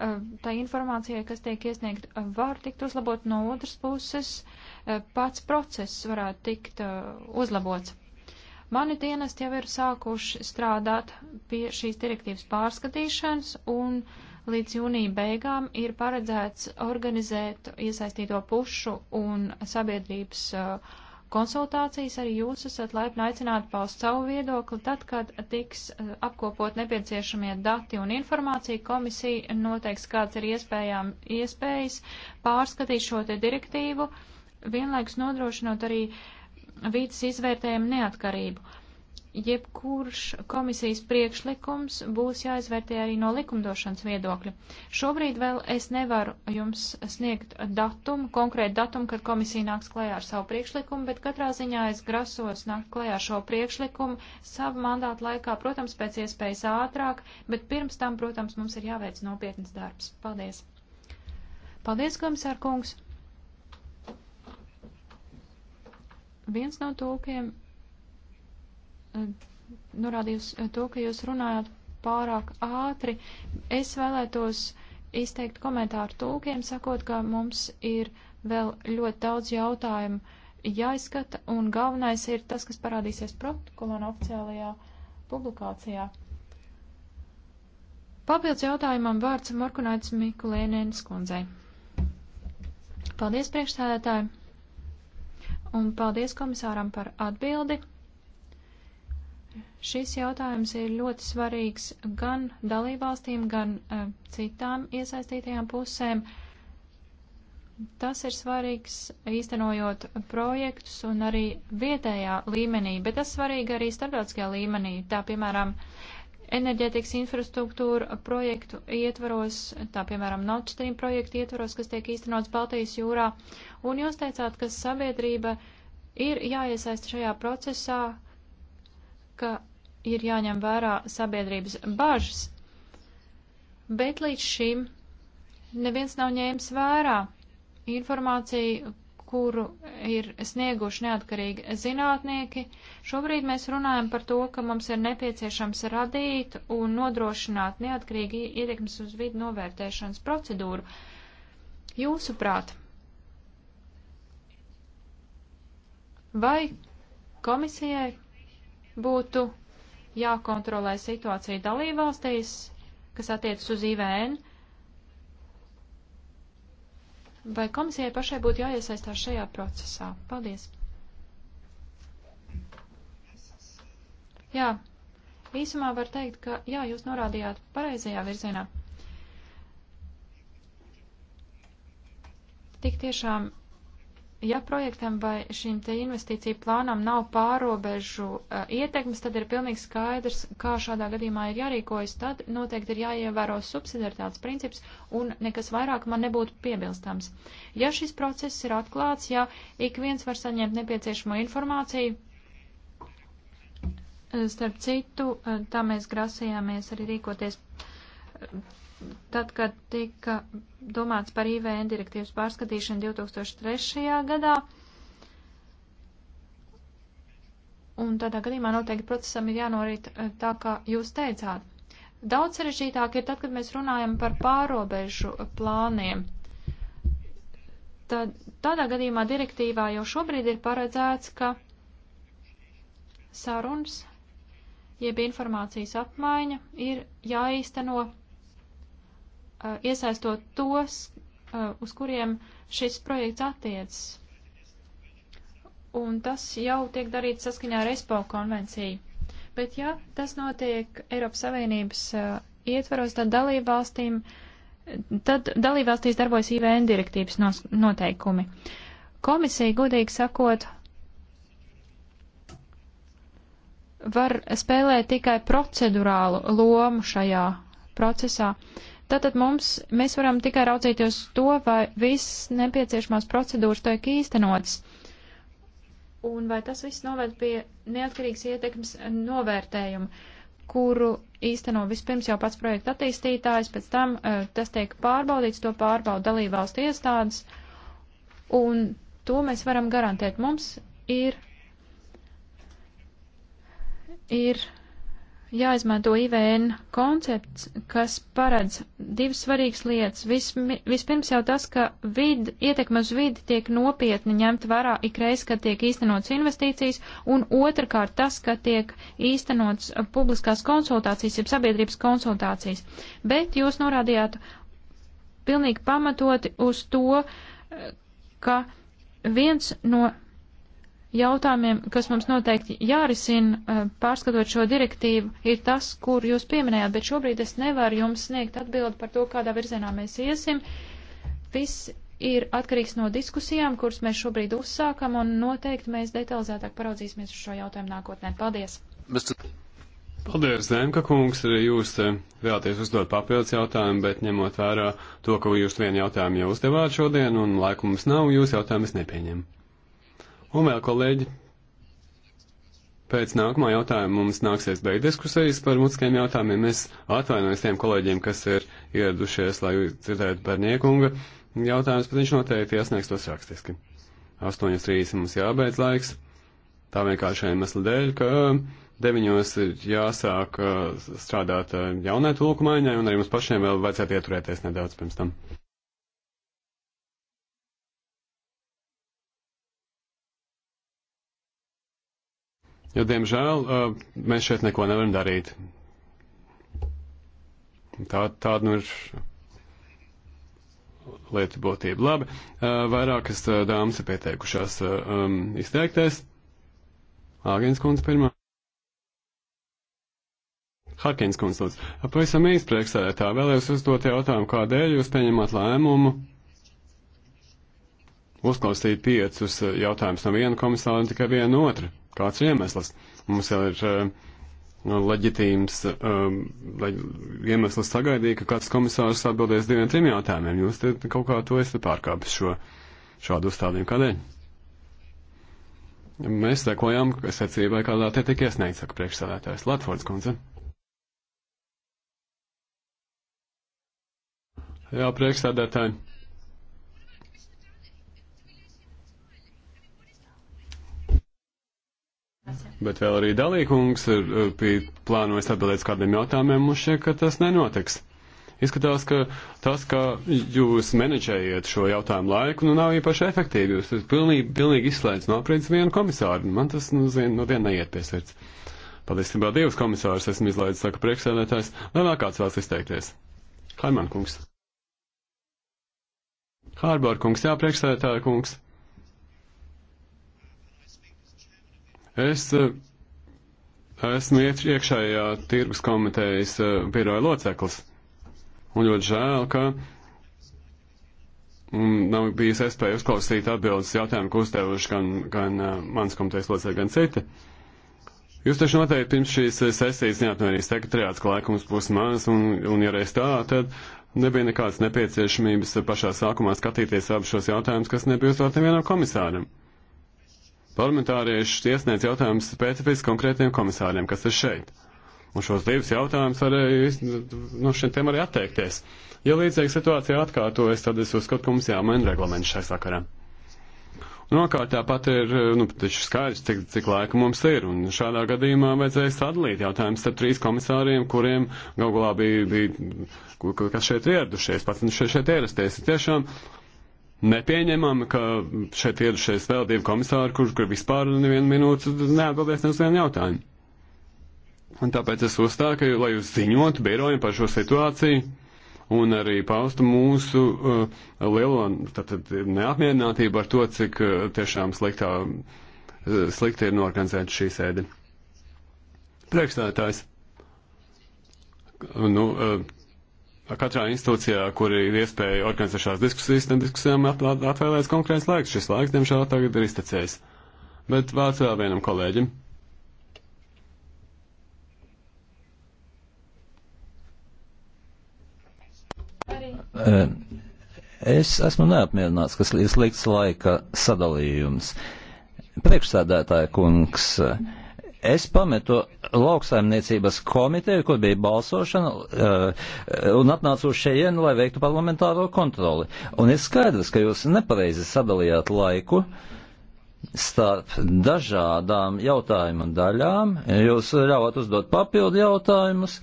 eh, tā informācija, kas tiek iesniegt, var tikt uzlabot, no otras puses eh, pats process varētu tikt eh, uzlabots. Mani dienesti jau ir sākuši strādāt pie šīs direktīvas pārskatīšanas un uh, Līdz jūnija beigām ir paredzēts organizēt iesaistīto pušu un sabiedrības uh, konsultācijas arī jūs esat laipni aicināti paust savu viedokli. Tad, kad tiks uh, apkopot nepieciešamie dati un informācija, komisija noteiks, kāds ir iespējām, iespējas pārskatīt šo te direktīvu, vienlaiks nodrošinot arī vīdes izvērtējumu neatkarību jebkurš komisijas priekšlikums būs jāizvērtē arī no likumdošanas viedokļa. Šobrīd vēl es nevaru jums sniegt datumu, konkrētu datumu, kad komisija nāks klajā ar savu priekšlikumu, bet katrā ziņā es grasos nākt klajā ar šo priekšlikumu savu mandātu laikā, protams, pēc iespējas ātrāk, bet pirms tam, protams, mums ir jāveic nopietnas darbs. Paldies! Paldies, komisār kungs! Viens no tūkiem norādījusi eh, to, ka jūs runājat pārāk ātri. Es vēlētos izteikt komentāru tūkiem, sakot, ka mums ir vēl ļoti daudz jautājumu jāizskata, un galvenais ir tas, kas parādīsies protokolā un oficiālajā publikācijā. Papildus jautājumam vārds Markunaits Mikulēnēnas kundzei. Paldies priekšsēdētāji, un paldies komisāram par atbildi. Šis jautājums ir ļoti svarīgs gan dalībvalstīm, gan uh, citām iesaistītajām pusēm. Tas ir svarīgs īstenojot projektus un arī vietējā līmenī, bet tas svarīgi arī starptautiskajā līmenī. Tā piemēram, enerģētikas infrastruktūra projektu ietvaros, tā piemēram, Nord Stream projektu ietvaros, kas tiek īstenots Baltijas jūrā. Un jūs teicāt, ka sabiedrība ir jāiesaist šajā procesā, uh, ka ir jāņem vērā sabiedrības bažas, bet līdz šim neviens nav ņēmis vērā informāciju, kuru ir snieguši neatkarīgi zinātnieki. Šobrīd mēs runājam par to, ka mums ir nepieciešams radīt un nodrošināt neatkarīgi ietekmes uz vidu novērtēšanas procedūru. Jūsuprāt, vai komisijai būtu jākontrolē situācija dalībvalstīs, kas attiecas uz IVN. Vai komisijai pašai būtu jāiesaistās šajā procesā? Paldies! Jā, īsumā var teikt, ka jā, jūs norādījāt pareizajā virzienā. Tik tiešām ja projektam vai šim te investīciju plānam nav pārobežu uh, ietekmes, tad ir pilnīgi skaidrs, kā šādā gadījumā ir jārīkojas. Tad noteikti ir jāievēro subsidiaritātes princips un nekas vairāk man nebūtu piebilstams. Ja šis process ir atklāts, ja ik viens var saņemt nepieciešamo informāciju, eh, starp citu, eh, tā mēs grasījāmies arī rīkoties tad, kad tika domāts par IVN direktīvas pārskatīšanu 2003. gadā, un tādā gadījumā noteikti procesam ir jānorīt eh, tā, kā jūs teicāt. Daudz sarežģītāk ir tad, kad mēs runājam par pārobežu plāniem. Tad, tādā gadījumā direktīvā jau šobrīd ir paredzēts, ka sarunas, jeb informācijas apmaiņa ir jāīsteno Uh, iesaistot tos, uh, uz kuriem šis projekts attiecas. Un tas jau tiek darīts saskaņā ar ESPO konvenciju. Bet ja tas notiek Eiropas Savienības uh, ietvaros, tad dalībvalstīm, tad dalībvalstīs darbojas IVN direktīvas nos, noteikumi. Komisija, gudīgi sakot, var spēlēt tikai procedurālu lomu šajā procesā. Uh, Tātad mums, mēs varam tikai raudzīties to, vai viss nepieciešamās procedūras tiek īstenotas. Un vai tas viss noved pie neatkarīgas ietekmes novērtējuma, kuru īsteno vispirms jau pats projekta attīstītājs, pēc tam uh, tas tiek pārbaudīts, to pārbauda dalībvalstu iestādes, un to mēs varam garantēt. Mums ir, ir jāizmanto IVN koncepts, kas paredz divas svarīgas lietas. Vis, vispirms jau tas, ka vid, ietekme uz vidi tiek nopietni ņemt vērā ikreiz, kad tiek īstenots investīcijas, un otrkārt tas, ka tiek īstenots publiskās konsultācijas, jeb sabiedrības konsultācijas. Bet jūs norādījāt pilnīgi pamatoti uz to, ka viens no jautājumiem, kas mums noteikti jārisina, eh, pārskatot šo direktīvu, ir tas, kur jūs pieminējāt, bet šobrīd es nevaru jums sniegt atbildi par to, kādā virzienā mēs iesim. Viss ir atkarīgs no diskusijām, kuras mēs šobrīd uzsākam, un noteikti mēs detalizētāk paraudzīsimies uz šo jautājumu nākotnē. Paldies! Paldies, Dēmka kungs, arī jūs eh, vēlaties uzdot papildus jautājumu, bet ņemot vērā to, ka jūs vienu jautājumu jau uzdevāt šodien un laiku mums nav, jūs jautājumus nepieņemat. Un vēl, kolēģi, pēc nākamā jautājuma mums nāksies beigt diskusijas par mutiskiem jautājumiem. Es atvainojos tiem kolēģiem, kas ir ieradušies, lai dzirdētu par niekunga jautājumus, bet viņš noteikti iesniegs tos rakstiski. 8.30 mums jābeidz laiks. Tā vienkārši iemesla dēļ, ka deviņos ir jāsāk uh, strādāt uh, jaunai tulkumaiņai, un arī mums pašiem vēl vajadzētu ieturēties nedaudz pirms tam. Jo, diemžēl, mēs šeit neko nevaram darīt. Tā, tāda nu ir lieta būtība. Labi, vairākas dāmas ir pieteikušās um, izteikties. Āgens kundze pirmā. Harkins kundze, lūdzu. Pavisam īsti priekšsēdētā vēlējos uzdot jautājumu, kādēļ jūs pieņemat lēmumu uzklausīt piecus jautājumus no viena komisāra un tikai vienu otru kāds ir iemesls. Mums jau ir uh, leģitīms um, leģ, iemesls sagaidīt, ka kāds komisārs atbildēs diviem, trim jautājumiem. Jūs te kaut kā to esat pārkāpis šo, šādu uzstādījumu. Kādēļ? Mēs sekojām secībai, kādā te tika iesniegts, saka priekšsēdētājs Latvijas kundze. Jā, priekšsēdētāji. Bet vēl arī dalīkungs ir plānojis atbildēt kādiem jautājumiem, mums šķiet, ka tas nenotiks. Izskatās, ka tas, ka jūs menedžējat šo jautājumu laiku, nu nav īpaši efektīvi. Jūs esat pilnīgi, pilnīgi izslēdz no aprīdas vienu komisāru. Man tas, nu, zin, no diena neiet pie sirds. Patiesībā divus komisārus esmu izlaidis, saka priekšsēdētājs. Vai vēl kāds vēlas izteikties? Haiman kungs. Hārbār kungs, jā, priekšsēdētāja kungs. Es eh, esmu iekšējā tirgus komitejas eh, biroja loceklis. Un ļoti žēl, ka mm, nav bijis iespēja uzklausīt atbildes jautājumu, ko uzdevuši gan, gan eh, mans komitejas loceklis, gan citi. Jūs taču noteikti pirms šīs sesijas neatmērīs nu, sekretariāts, ka laikums būs mans, un, un ja reiz tā, tad nebija nekādas nepieciešamības pašā sākumā skatīties abus šos jautājumus, kas nebija uzdot nevienam komisāram parlamentārieši iesniedz jautājumus specifiski konkrētiem komisāriem, kas ir šeit. Un šos divus jautājumus arī no šiem tiem arī atteikties. Ja līdzīga situācija atkārtojas, tad es uzskatu, ka mums jāmaina reglaments šai sakarā. Nokārt tāpat ir, nu, taču skaidrs, cik, cik laika mums ir, un šādā gadījumā vajadzēja sadalīt jautājumus starp trīs komisāriem, kuriem gal galā bija, bija, kas šeit ieradušies, pats šeit, šeit ierasties. Tiešām nepieņemami, ka šeit ieradušies vēl divi komisāri, kurš grib vispār nevienu minūtu neatbildēt ne uz vienu jautājumu. Un tāpēc es uzstāju, ka, lai jūs ziņotu birojiem par šo situāciju un arī paustu mūsu uh, lielo tātad, neapmierinātību ar to, cik uh, tiešām sliktā, uh, slikti ir norganizēta šī sēde. Priekšstādātājs. Nu, uh, katrā institūcijā, kur ir iespēja organizēt šās diskusijas, tam diskusijām atvēlēts konkrēts laiks. Šis laiks, diemžēl, tagad ir iztecējis. Bet vārds vēl vienam kolēģim. Es esmu neapmierināts, kas ir slikts laika sadalījums. Priekšsēdētāja kungs. Mm Es pametu lauksaimniecības komiteju, kur bija balsošana, eh, un atnācu uz šejienu, lai veiktu parlamentāro kontroli. Un ir skaidrs, ka jūs nepareizi sadalījāt laiku starp dažādām jautājumu daļām. Jūs ļāvāt uzdot papildu jautājumus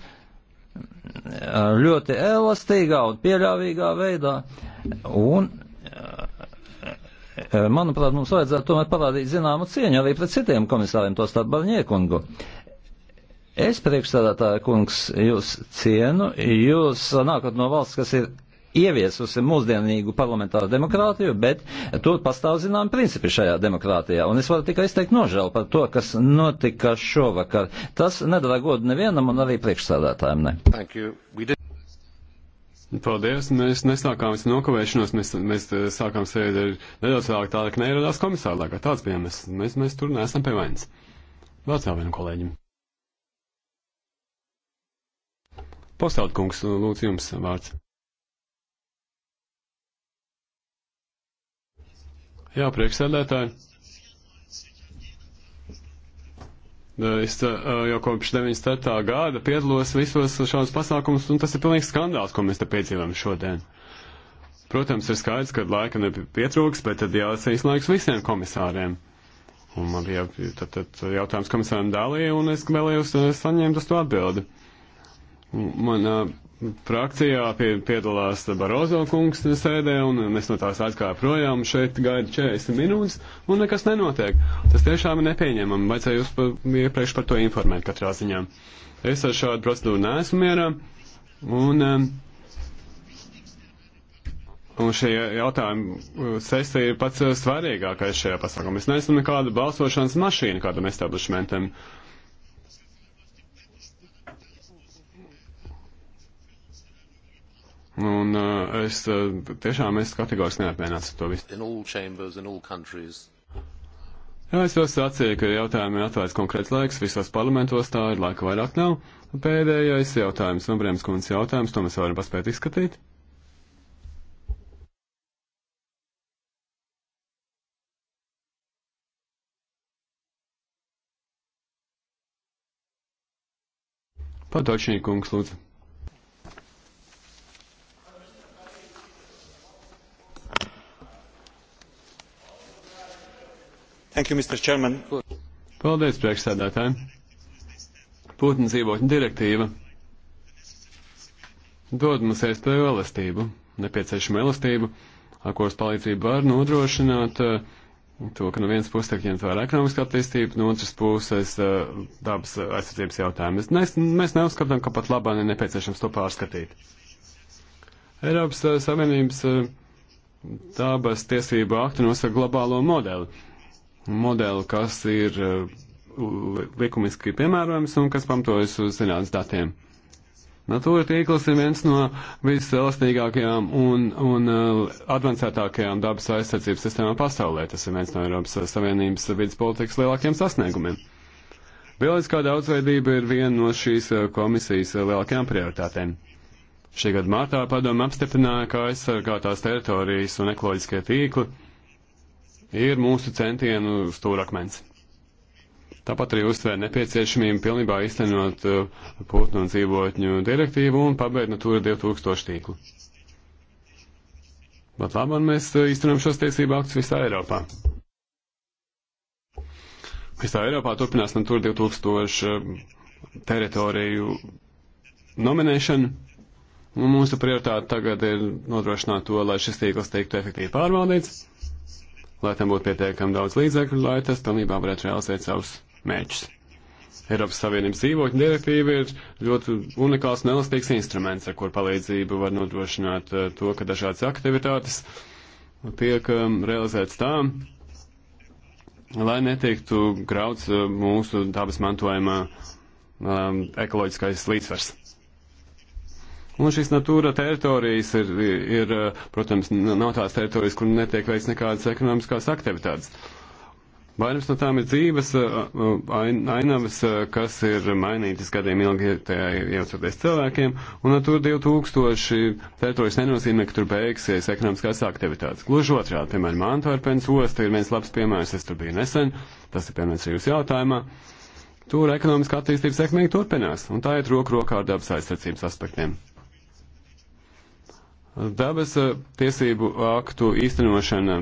eh, ļoti elastīgā un pieļāvīgā veidā. Un, eh, Eh, manuprāt, mums vajadzētu tomēr parādīt zināmu cieņu arī pret citiem komisāriem, to starp Barņiekungu. Es priekšstādātāju kungs jūs cienu, jūs nākat no valsts, kas ir ieviesusi mūsdienīgu parlamentāru demokrātiju, bet tur pastāv zinām principi šajā demokrātijā. Un es varu tikai izteikt nožēlu par to, kas notika šovakar. Tas nedara godu nevienam un arī priekšstādātājiem. Ne. Paldies, mēs nesākām visu nokavēšanos, mēs, mēs eh, sākām sēdi ar nedaudz vēlāk tā, ka neieradās komisāra laikā. Tāds bija, mēs, mēs, mēs tur neesam pie vainas. Vārds vēl vienam kolēģim. Postautkungs, lūdzu jums vārds. Jā, priekšsēdētāji. Eh, es eh, jau kopš 97. gada piedalos visos šādos pasākumus, un tas ir pilnīgs skandāls, ko mēs te piedzīvojam šodien. Protams, ir skaidrs, ka laika nepietrūks, bet tad jāatceļas laiks visiem komisāriem. Un man bija tad, tad jautājums komisāram Dālijai, un es vēlējos eh, saņemt uz to atbildi. Man frakcijā pie, piedalās Barozo kungs sēdē, un es no tās atkāpu projām, šeit gaida 40 minūtes, un nekas nenotiek. Tas tiešām ir nepieņemami, vajadzēja jūs pa, iepriekš par to informēt katrā ziņā. Es ar šādu procedūru neesmu mierā, un, um, un šie jautājumi uh, sesija ir pats uh, svarīgākais šajā pasākumā. Mēs neesam nekāda balsošanas mašīna kādam establishmentam. Uh, Un uh, es uh, tiešām esmu kategoriski neapmierināts ar to visu. Jā, es jau sacīju, ka jautājumi ir atvērts konkrēts laiks, visos parlamentos tā ir laika vairāk nav. Pēdējais jautājums, Nobrēms kundzes jautājums, to mēs varam paspēt izskatīt. Patočnīkungs, lūdzu. Thank you, Mr. Chairman. Paldies, priekšsēdētāji. Putnu dzīvotņu direktīva dod mums iespēju elastību, nepieciešamu elastību, ar kuras palīdzību var nodrošināt uh, to, ka no vienas puses tiek ņemta vērā ekonomiskā attīstība, no otras puses uh, dabas aizsardzības jautājumus. Mēs, mēs neuzskatām, ka pat labāk ir nepieciešams to pārskatīt. Eiropas uh, Savienības uh, dabas tiesību aktu nosaka globālo modeli modeli, kas ir uh, likumiski piemērojams un kas pamatojas uz zinātnes datiem. Natūra tīkls ir viens no viselastīgākajām un, un uh, advancētākajām dabas aizsardzības sistēmām pasaulē. Tas ir viens no Eiropas Savienības vidas politikas lielākiem sasniegumiem. Bioloģiskā daudzveidība ir viena no šīs uh, komisijas lielākajām prioritātēm. Šī gada martā padoma apstiprināja, ka aizsargātās teritorijas un ekoloģiskie tīkli ir mūsu centienu stūrakmens. Tāpat arī uzsver nepieciešamību pilnībā iztenot uh, putnu un dzīvotņu direktīvu un pabeigt Natūra 2000 tīklu. Bet labāk mēs uh, īstenojam šos tiesību aktus visā Eiropā. Visā Eiropā turpinās Natūra 2000 uh, teritoriju nominēšana. Un mūsu prioritāte tagad ir nodrošināt to, lai šis tīkls tiktu efektīvi pārvaldīts lai tam būtu pietiekami daudz līdzekļu, lai tas pilnībā varētu realizēt savus mērķus. Eiropas Savienības dzīvokļu direktīva ir ļoti unikāls un elastīgs instruments, ar kur palīdzību var nodrošināt eh, to, ka dažādas aktivitātes tiek eh, realizētas tā, lai netiktu grauts eh, mūsu dabas mantojuma ekoloģiskais līdzsvars. Un šīs natūra teritorijas ir, ir, protams, nav tās teritorijas, kur netiek veids nekādas ekonomiskās aktivitātes. Vairums no tām ir dzīves ainavas, kas ir mainītas gadiem ilgi iejaucoties cilvēkiem, un Natūra 2000 teritorijas nenozīmē, ka tur beigsies ekonomiskās aktivitātes. Gluži otrādi, piemēram, Antverpens osta ir viens labs piemērs, es tur biju nesen, tas ir piemērs jūsu jautājumā. Tur ekonomiskā attīstība sekmīgi turpinās, un tā iet roku rokā ar dabas aizsardzības aspektiem. Dabas eh, tiesību aktu īstenošana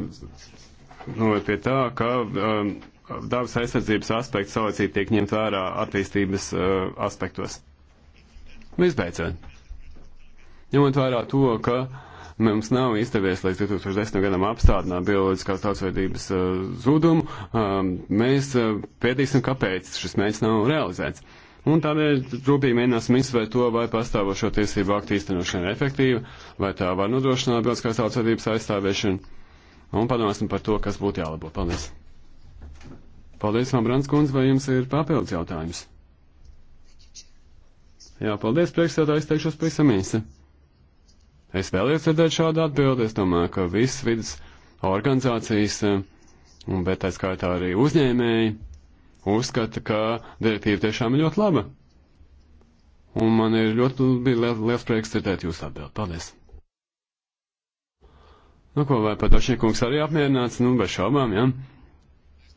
noved pie tā, ka um, dabas aizsardzības aspekts saulēcīgi tiek ņemt vērā attīstības uh, aspektos. Visbeidzot, ņemot vērā to, ka mums nav izdevies līdz 2010. gadam apstādināt bioloģiskās daudzveidības uh, zudumu, um, mēs uh, pētīsim, kāpēc šis mēģinājums nav realizēts. Uh, Un tādēļ rūpīgi mēģināsim izsvērt to, vai pastāvošo tiesību aktu īstenošana efektīva, vai tā var nodrošināt pilsētas audzētības aizstāvēšanu. Un padomāsim par to, kas būtu jālabo. Paldies! Paldies, Mambrāns kundze, vai jums ir papildus jautājums? Jā, paldies, priekšsēdāji, izteikšos pavisam īsi. Es vēlējos dzirdēt šādu atbildi. Es domāju, ka visas vidas organizācijas, bet tā skaitā arī uzņēmēji, uzskata, ka direktīva tiešām ir ļoti laba. Un man ir ļoti bija liels prieks dzirdēt jūsu atbildi. Paldies! Nu, ko vai Patošņikungs arī apmierināts? Nu, bez šaubām, jā. Ja?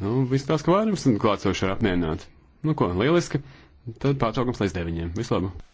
Nu, vispār, ka vairums klātsoši ir apmierināti. Nu, ko, lieliski. Tad pārtraukums līdz deviņiem. Vislabāk!